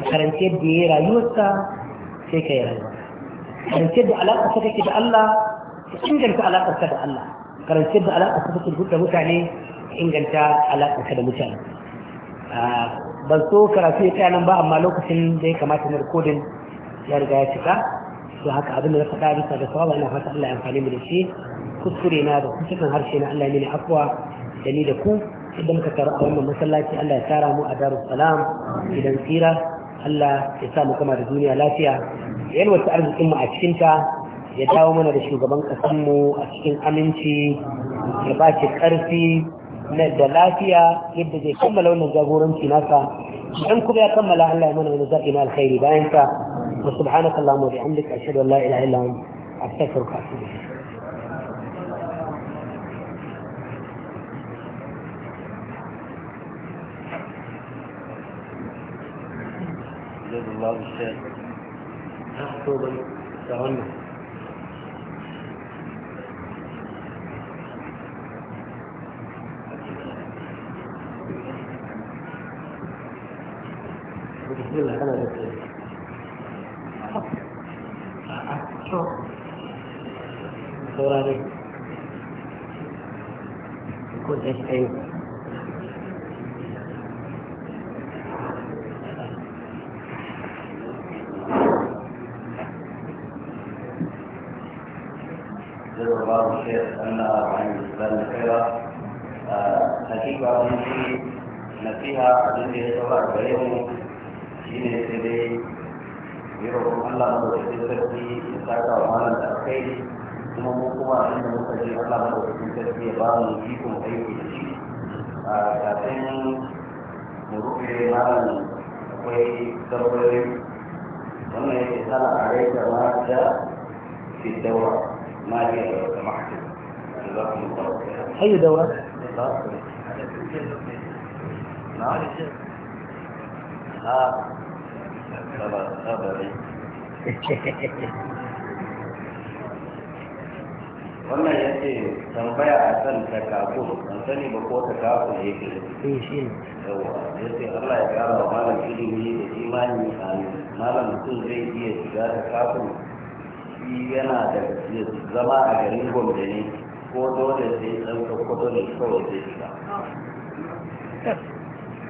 karance da ya yi rayuwarsa sai ka yi rayuwa karance da alaƙa ta take da Allah ka inganta alaƙa ta da Allah karance da alaƙa ta take da mutane ka inganta alaƙa ta da mutane ah, ban so karatu ya nan ba amma lokacin da ya kamata na rikodin ya riga ya cika to haka abin da na faɗa bisa da sawaba ina fata Allah ya amfani mu da shi kuskure na da kusurkan harshe na Allah ne afuwa, da ni da ku idan muka taru a wannan masallaci Allah ya tara mu a darus salam idan tsira Allah ya sa mu kama da duniya lafiya ya wata arzikin mu a cikin ta ya dawo mana da shugaban kasan mu a cikin aminci ya ba shi karfi da lafiya yadda zai kammala wannan jagoranci nasa idan kuma ya kammala Allah ya mana wani zaɓi na alkhairi bayan ka wa subhanaka wa bihamdika ashhadu an la ilaha illa anta astaghfiruka wa atubu ilayk جزا bismillah kana da tsari a ko da shi ayi ah, Hakika wani nasiha abin ya shi ne sai dai yi roƙon Allah mu da shi sarki ya saka wa malam da kai kuma mu kuma inda muka je Allah mu da shi sarki ya ba mu ikon aiki da shi a kafin mu rufe malam akwai tambayoyi wannan yake sana a rai da mata في الدورة ما هي سمحت جزاكم الله خير أي دورة؟ نعم آه. wannan ya ce tambaya a kan takakun an sani ba ko takakun ya ke eh, yawa ya ce allah ya kara wa malam ilimi da imani a malam mutum zai iya shiga takakun shi yana da zama a garin gombe ne ko dole sai ɗan kwakwato ne kawai zai shiga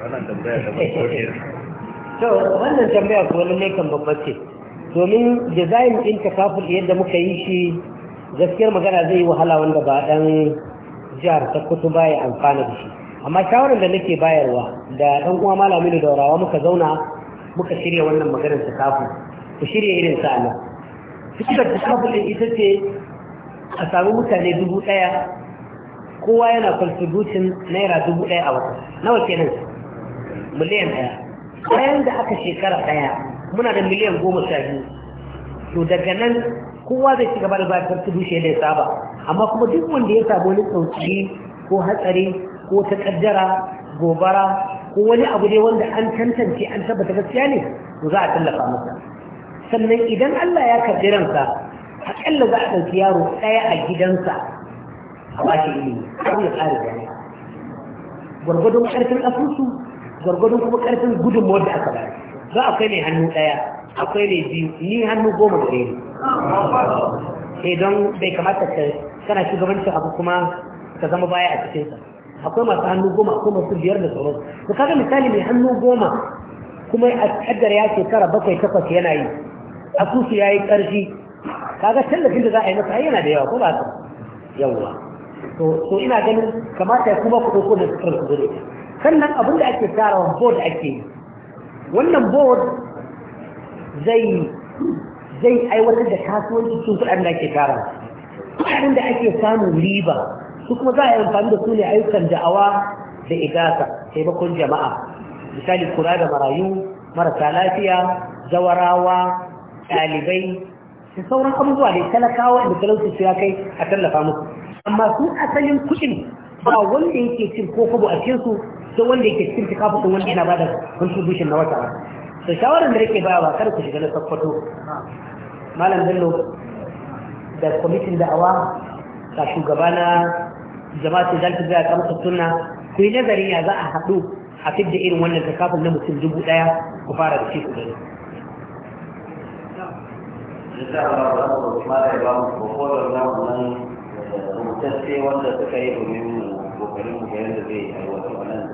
wannan tambaya ta ba to wannan tambaya ko lalle kan babba ce domin design din takaful yadda muka yi shi gaskiyar magana zai yi wahala wanda ba dan jihar ta kutu ba ya amfana da shi amma shawarar da nake bayarwa da dan uwa malami da daurawa muka zauna muka shirya wannan maganar takaful ku shirya irin sa Allah fitar takaful din ita ce a samu mutane dubu daya kowa yana contribution naira dubu daya a wata nawa kenan miliyan daya bayan da aka shekara ɗaya muna da miliyan goma sha biyu to daga nan kowa zai ci gaba da bayar tudu da ya saba amma kuma duk wanda ya sabo wani tsauci ko hatsari ko ta gobara ko wani abu ne wanda an tantance an tabbata gaskiya ne to za a tallafa masa sannan idan Allah ya karɓi ransa aƙalla za a ɗauki yaro ɗaya a gidansa a bashi ilimi har ya ƙara gani gwargwadon ƙarfin asusu gwargwadon kuma ƙarfin gudunmawar da aka bayar za akwai mai hannu ɗaya akwai mai biyu ni hannu goma da ɗaya sai don bai kamata ka kana shugabancin abu kuma ka zama baya a cikin cikinsa akwai masu hannu goma akwai masu biyar da sauran to kaga misali mai hannu goma kuma a kaddara ya shekara bakwai takwas yana yi a kusa ya yi ƙarfi kaga tallafin da za a yi masa yana da yawa ko ba ta yawa to ina ganin kamata ya kuma ku ɗauko da sukar ku gure sannan abin da ake tarawa board ake wannan board zai aiwatar da kasuwanci cikin kuɗaɗen da ake tarawa kuɗaɗen da ake samun riba su kuma za a yi amfani da su ne ayyukan da'awa da igasa taimakon jama'a misali kula da marayu marasa lafiya zawarawa ɗalibai da sauran abubuwa da talakawa da talauci su ya kai a tallafa muku amma su asalin kuɗin ba wanda yake cin ko kubu a cikin su duk wanda yake cikin tikafu din wanda yana bada contribution na wata to shawaran da yake ba ba kar ku shiga na sakkwato malam bello da kwamitin da'awa ga shugaba na jama'atu da ta zai kamar sunna ku yi nazarin ya za a haɗu a fidda irin wannan takafin na mutum dubu ɗaya ku fara da shi ku gani rubutacce wanda suka yi domin kokarin mu ga yadda zai aiwatar wannan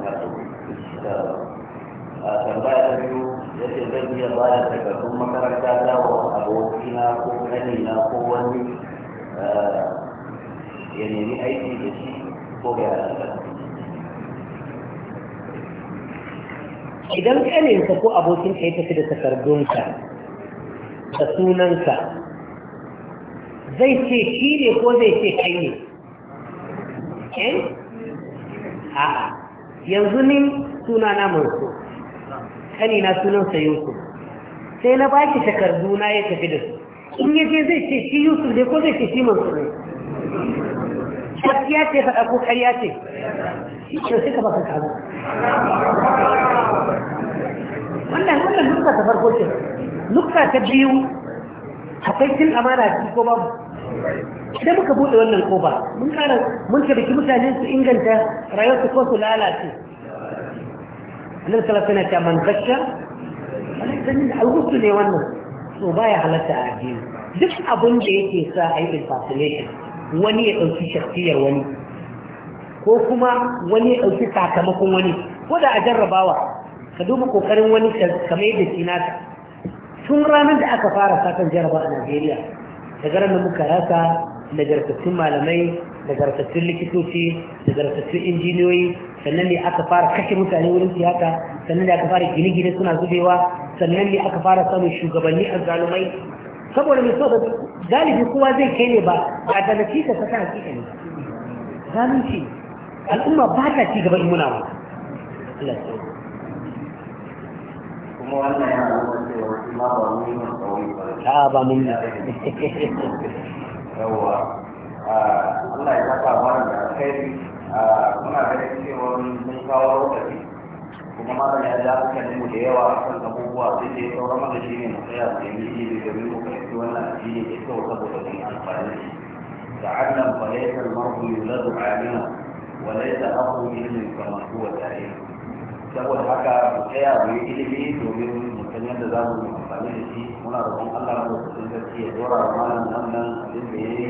a tambaya ta biyu ya ce zan iya ba da takardun makaranta ta wa abokina ko ƙanina ko wani eh, ya nemi aiki da shi ko ga idan ƙaninka ko abokin abokinka ya tafi da takardunka da sunanka zai ce shi ne ko zai ce kai ne? Eh? a'a yanzu ni suna na manso kani na sunan sa yusuf sai na baki takardu na ya tafi da su in ya je zai ce shi yusuf dai ko zai ce shi manso ne gaskiya ce faɗa ko ƙarya ce shi ce suka baka kaza wannan wannan nukta ta farko ce nukta ta biyu akwai cin amana a ko babu idan muka buɗe wannan kofa mun kara mun tabbaki mutane su inganta rayuwarsu ko su lalace annabi sallallahu alaihi wasallam man zakka alaihi min alghusl ne wannan so baya halatta a addini duk abin da yake sa a yi impersonation wani ya ɗauki shakhsiyar wani ko kuma wani ya ɗauki sakamakon wani ko da a jarrabawa ka duba kokarin wani kamar yadda shi naka tun ranar da aka fara satan jaraba a Najeriya daga ranar muka rasa nagartattun malamai nagartattun likitoci nagartattun injiniyoyi sannan ne aka fara kashe mutane wurin siyasa sannan ne aka fara gine-gine suna zubewa sannan ne aka fara samun shugabanni a zalumai saboda mai so da galibi kowa zai kai ne ba ba da nafisa ta ta hakika ne zalunci al'umma ba ta ci gaba in muna wa kuma wannan yana nuna cewa ma ba mu yi tsawon ba ba mun yawa Allah ya saka mana da kai. muna ganin cewa mun kawo lokaci kuma mara ya ja hankalin nemo da yawa kan abubuwa sai dai sauran mana shi ne mu tsaya da yi domin mu fahimci wannan cikin yake kawo saboda mun amfani da shi تعلم فليس المرء يولد عالما وليس اخو علم كما هو تعليم saboda haka mu tsaya mu yi ilimi domin mu san yadda za mu amfani da shi muna roƙon Allah mu kusantar ya zora wa malam nan nan abin da ya yi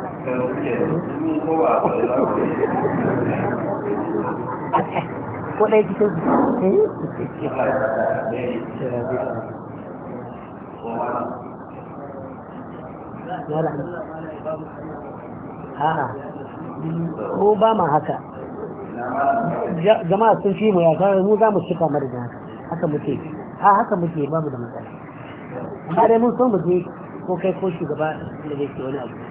ko a'a eh. ko ba ma haka jama'a sun fi mu ya kawai mu za mu cika mara da haka haka muke a haka muke mu da matsala amma dai mun so mu je ko kai ko shugaba da zai ke wani abu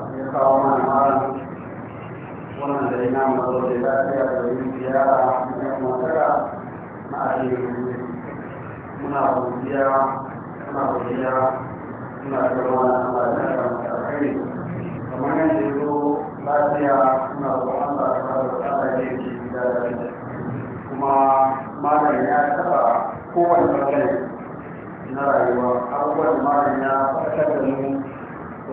kawo mana mara wannan da ina mazo da lafiya da yin ziyara na matara na ayyukan muna godiya muna godiya muna gaba na Allah da matakai kamar yadda ya zo lafiya muna roƙon Allah ta ba da tsara ne gida da kuma malam ya taɓa kowane bangare na rayuwa abubuwan malam ya farkar da mu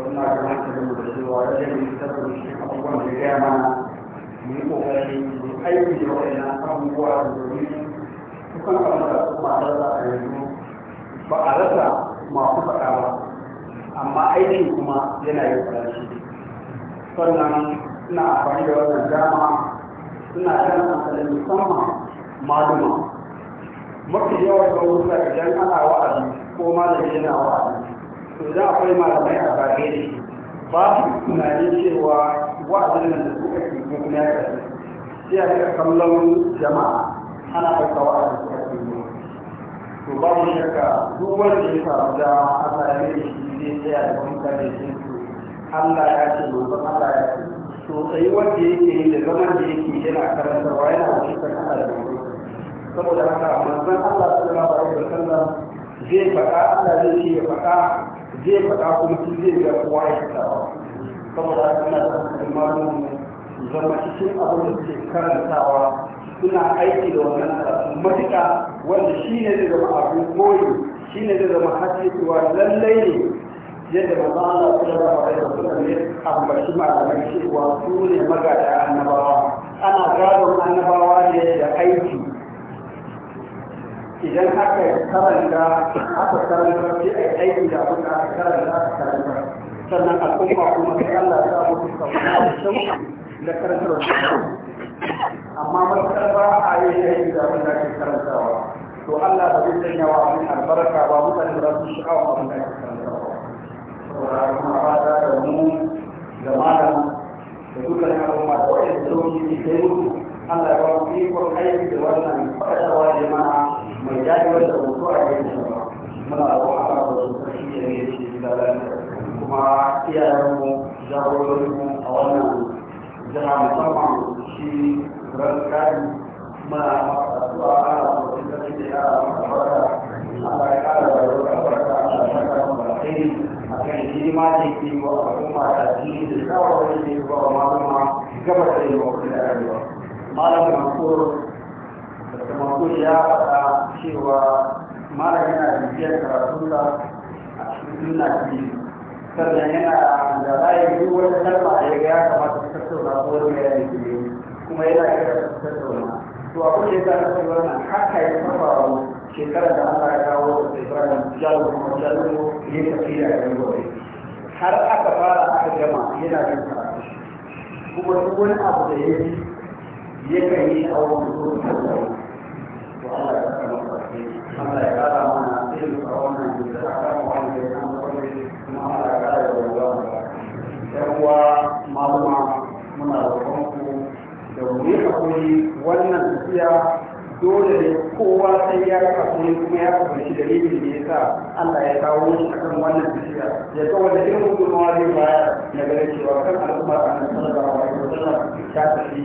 ina ga hankalin mu da cewa rage mu tabbata shi abubuwan da ya mana mu yi kokari mu aiki da wannan abubuwa domin kusan abin da kuma a rasa a yanzu ba a rasa masu faɗa ba amma aikin kuma yana yin farashi sannan ina amfani da wannan dama suna kan hankalin musamman maluma mafi yawan gauru idan ana wa'azi ko malami yana wa'azi to da akwai malamai a bage da shi ba su tunanin cewa wa'azin nan da suka ke ko kuma ya kasu sai a ga kallon jama'a ana ɗauka wa'azin suka ke ne to ba mu shakka duk wanda ya samu da Allah ya rage shi zai tsaya da mutane sun su Allah ya ce manzon Allah ya ce to sai wanda yake yi da zaman da yake yana karantarwa yana wakiltar Allah da manzon saboda haka manzon Allah sallallahu alaihi wasallam zai faɗa Allah zai ce ya faɗa zai faɗa kuma shi zai ga kowa ya fita ba saboda suna da malamin zama cikin abin da suke karantawa suna aiki da wannan karatu matuƙa wanda shi ne zai zama abin koyi shi ne zai zama hasiyewa lallai ne yadda maza Allah su raba wa da suna ne ambaci malamai cewa su ne magada annabawa ana gadon annabawa ne da aiki idan aka karanta aka karanta sai a aiki da abin da aka karanta aka karanta sannan al'umma kuma sai Allah ya samu su kauna da shauki da karantarwa amma matakar ba a yi aiki da abin da ake karantawa to Allah ba zai sanya wa abin albarka ba mutane ba su sha'awa abin da ake karantawa kuma ba da mu da malam da dukkan al'umma da wajen sauki sai mutu Allah ya ba mu ikon aiki da wannan faɗaɗawa da mana mai daɗi wanda hoto a gani muna abu a kan wasu sarki da ne shi da kuma iyayenmu jagororinmu a wannan jiha musamman shi rankari muna masu addu'a ana wasu sarki da yara masu barka Allah ya kara da yau da barka Allah ya kara da alheri a kan hidima da ke yi wa al'umma da addini da shawarwari da ke ba malama gaba da yi wa kuma da arewa malam mansur da mansur ya faɗa cewa mara yana da biyar karatun da a cikin suna biyu sannan yana da ra'ayi duk wata kalma da ya ga ya kamata ta tattauna ko wani mai ra'ayi ne kuma yana kira ta tattauna to a da yasa na ta wannan haka ya faru shekarar da Allah ya kawo da Ibrahim Jalo kuma Jalo ya tafi da yan gobe har aka fara aka gama yana da karatu kuma duk wani abu da ya yi yakan yi a wani zuwa to Allah ya kawo Allah ya kara mana ilmi a wannan da ta kama wani da ya kama kuma Allah ya kara da ruwa yan uwa maluma muna roƙon ku da mu yi hakuri wannan tafiya dole ne kowa sai ya hakuri kuma ya fahimci dalilin da ya sa Allah ya kawo shi akan wannan tafiya ya ga wanda irin gudunmawa zai bayar na ganin cewa kan al'umma a nan sallallahu alaihi wasallam ta tafi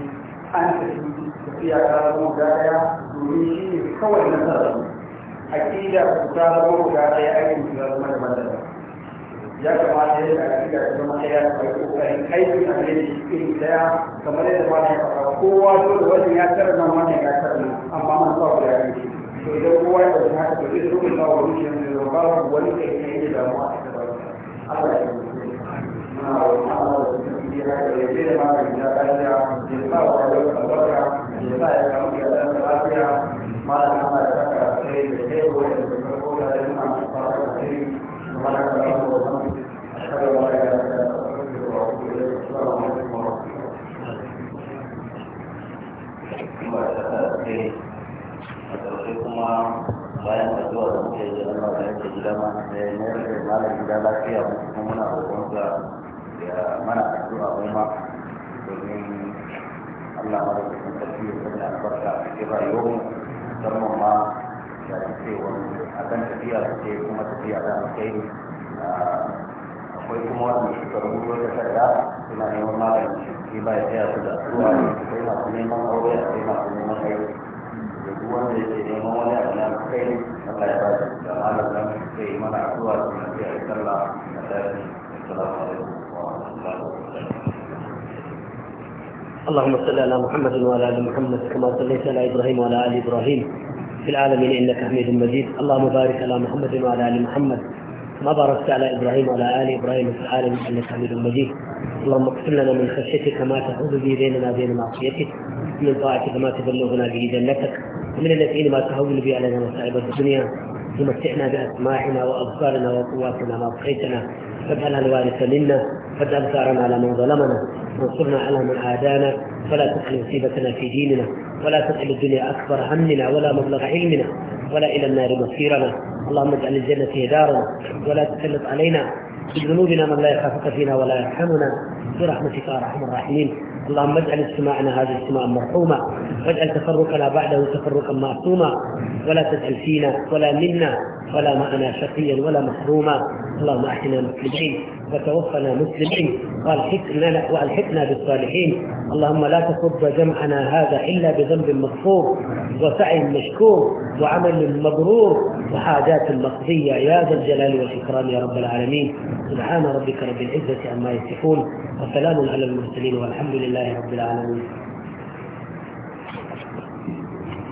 an tafi tafiya ta zama gaya domin shi ne kawai nasarar aƙida ku ta zama guda ɗaya aikin ku ya zama daban daban ya kamata yadda aƙida ta zama ɗaya mai ƙoƙarin aiki a gare shi iri ɗaya kamar yadda ma ya faɗa kowa dole wani ya tara nan wannan ya tara nan amma man sa guda ɗaya to idan kowa ya ɗauki haka to zai zama sa wani shi ne ba wani kai ne yake damuwa a cikin Allah ya yi. Muna wa Allah da suke yi haka ya ce da magani ya ƙarfi ya sa wa lafiya ko kuma muna roƙonsa ya mana addu'a kuma domin Allah madaukakin sarki ya sanya albarka a cikin rayuwarmu musamman ma da cewa akan tafiya ce kuma tafiya da kai akwai kuma wani shekaru wata takarda suna neman magani shi ba ya tsaya su da addu'a ne akwai masu neman aure akwai masu neman aiki اللهم صل على محمد وعلى ال محمد كما صليت على ابراهيم وعلى ال ابراهيم في العالمين انك حميد مجيد اللهم بارك على محمد وعلى ال محمد كما باركت على ابراهيم وعلى ال ابراهيم في العالمين انك حميد مجيد اللهم اغفر لنا من خشيتك ما تعوذ به بيننا وبين معصيتك من طاعتك ما تبلغنا به جنتك ومن اليقين ما تهون به علينا مصائب الدنيا ومتعنا باسماعنا وابصارنا وقواتنا ما ابقيتنا واجعلها الوارث منا فاجعل ثارنا على من ظلمنا وانصرنا على من عادانا ولا تجعل مصيبتنا في ديننا ولا تجعل الدنيا اكبر همنا ولا مبلغ علمنا ولا الى النار مصيرنا اللهم اجعل الجنه دارنا ولا تسلط علينا ذنوبنا من لا يخافك فينا ولا يرحمنا برحمتك يا ارحم الراحمين اللهم اجعل اجتماعنا هذا اجتماعا مرحوما واجعل تفرقنا بعده تفرقا معصوما ولا تجعل فينا ولا منا ولا معنا شقيا ولا محروما اللهم احسن المسلمين وتوفنا مسلمين والحقنا والحقنا بالصالحين اللهم لا تصب جمعنا هذا الا بذنب مغفور وسعي مشكور وعمل مبرور وحاجات مقضيه يا ذا الجلال والاكرام يا رب العالمين سبحان ربك رب العزه عما يصفون وسلام على المرسلين والحمد لله رب العالمين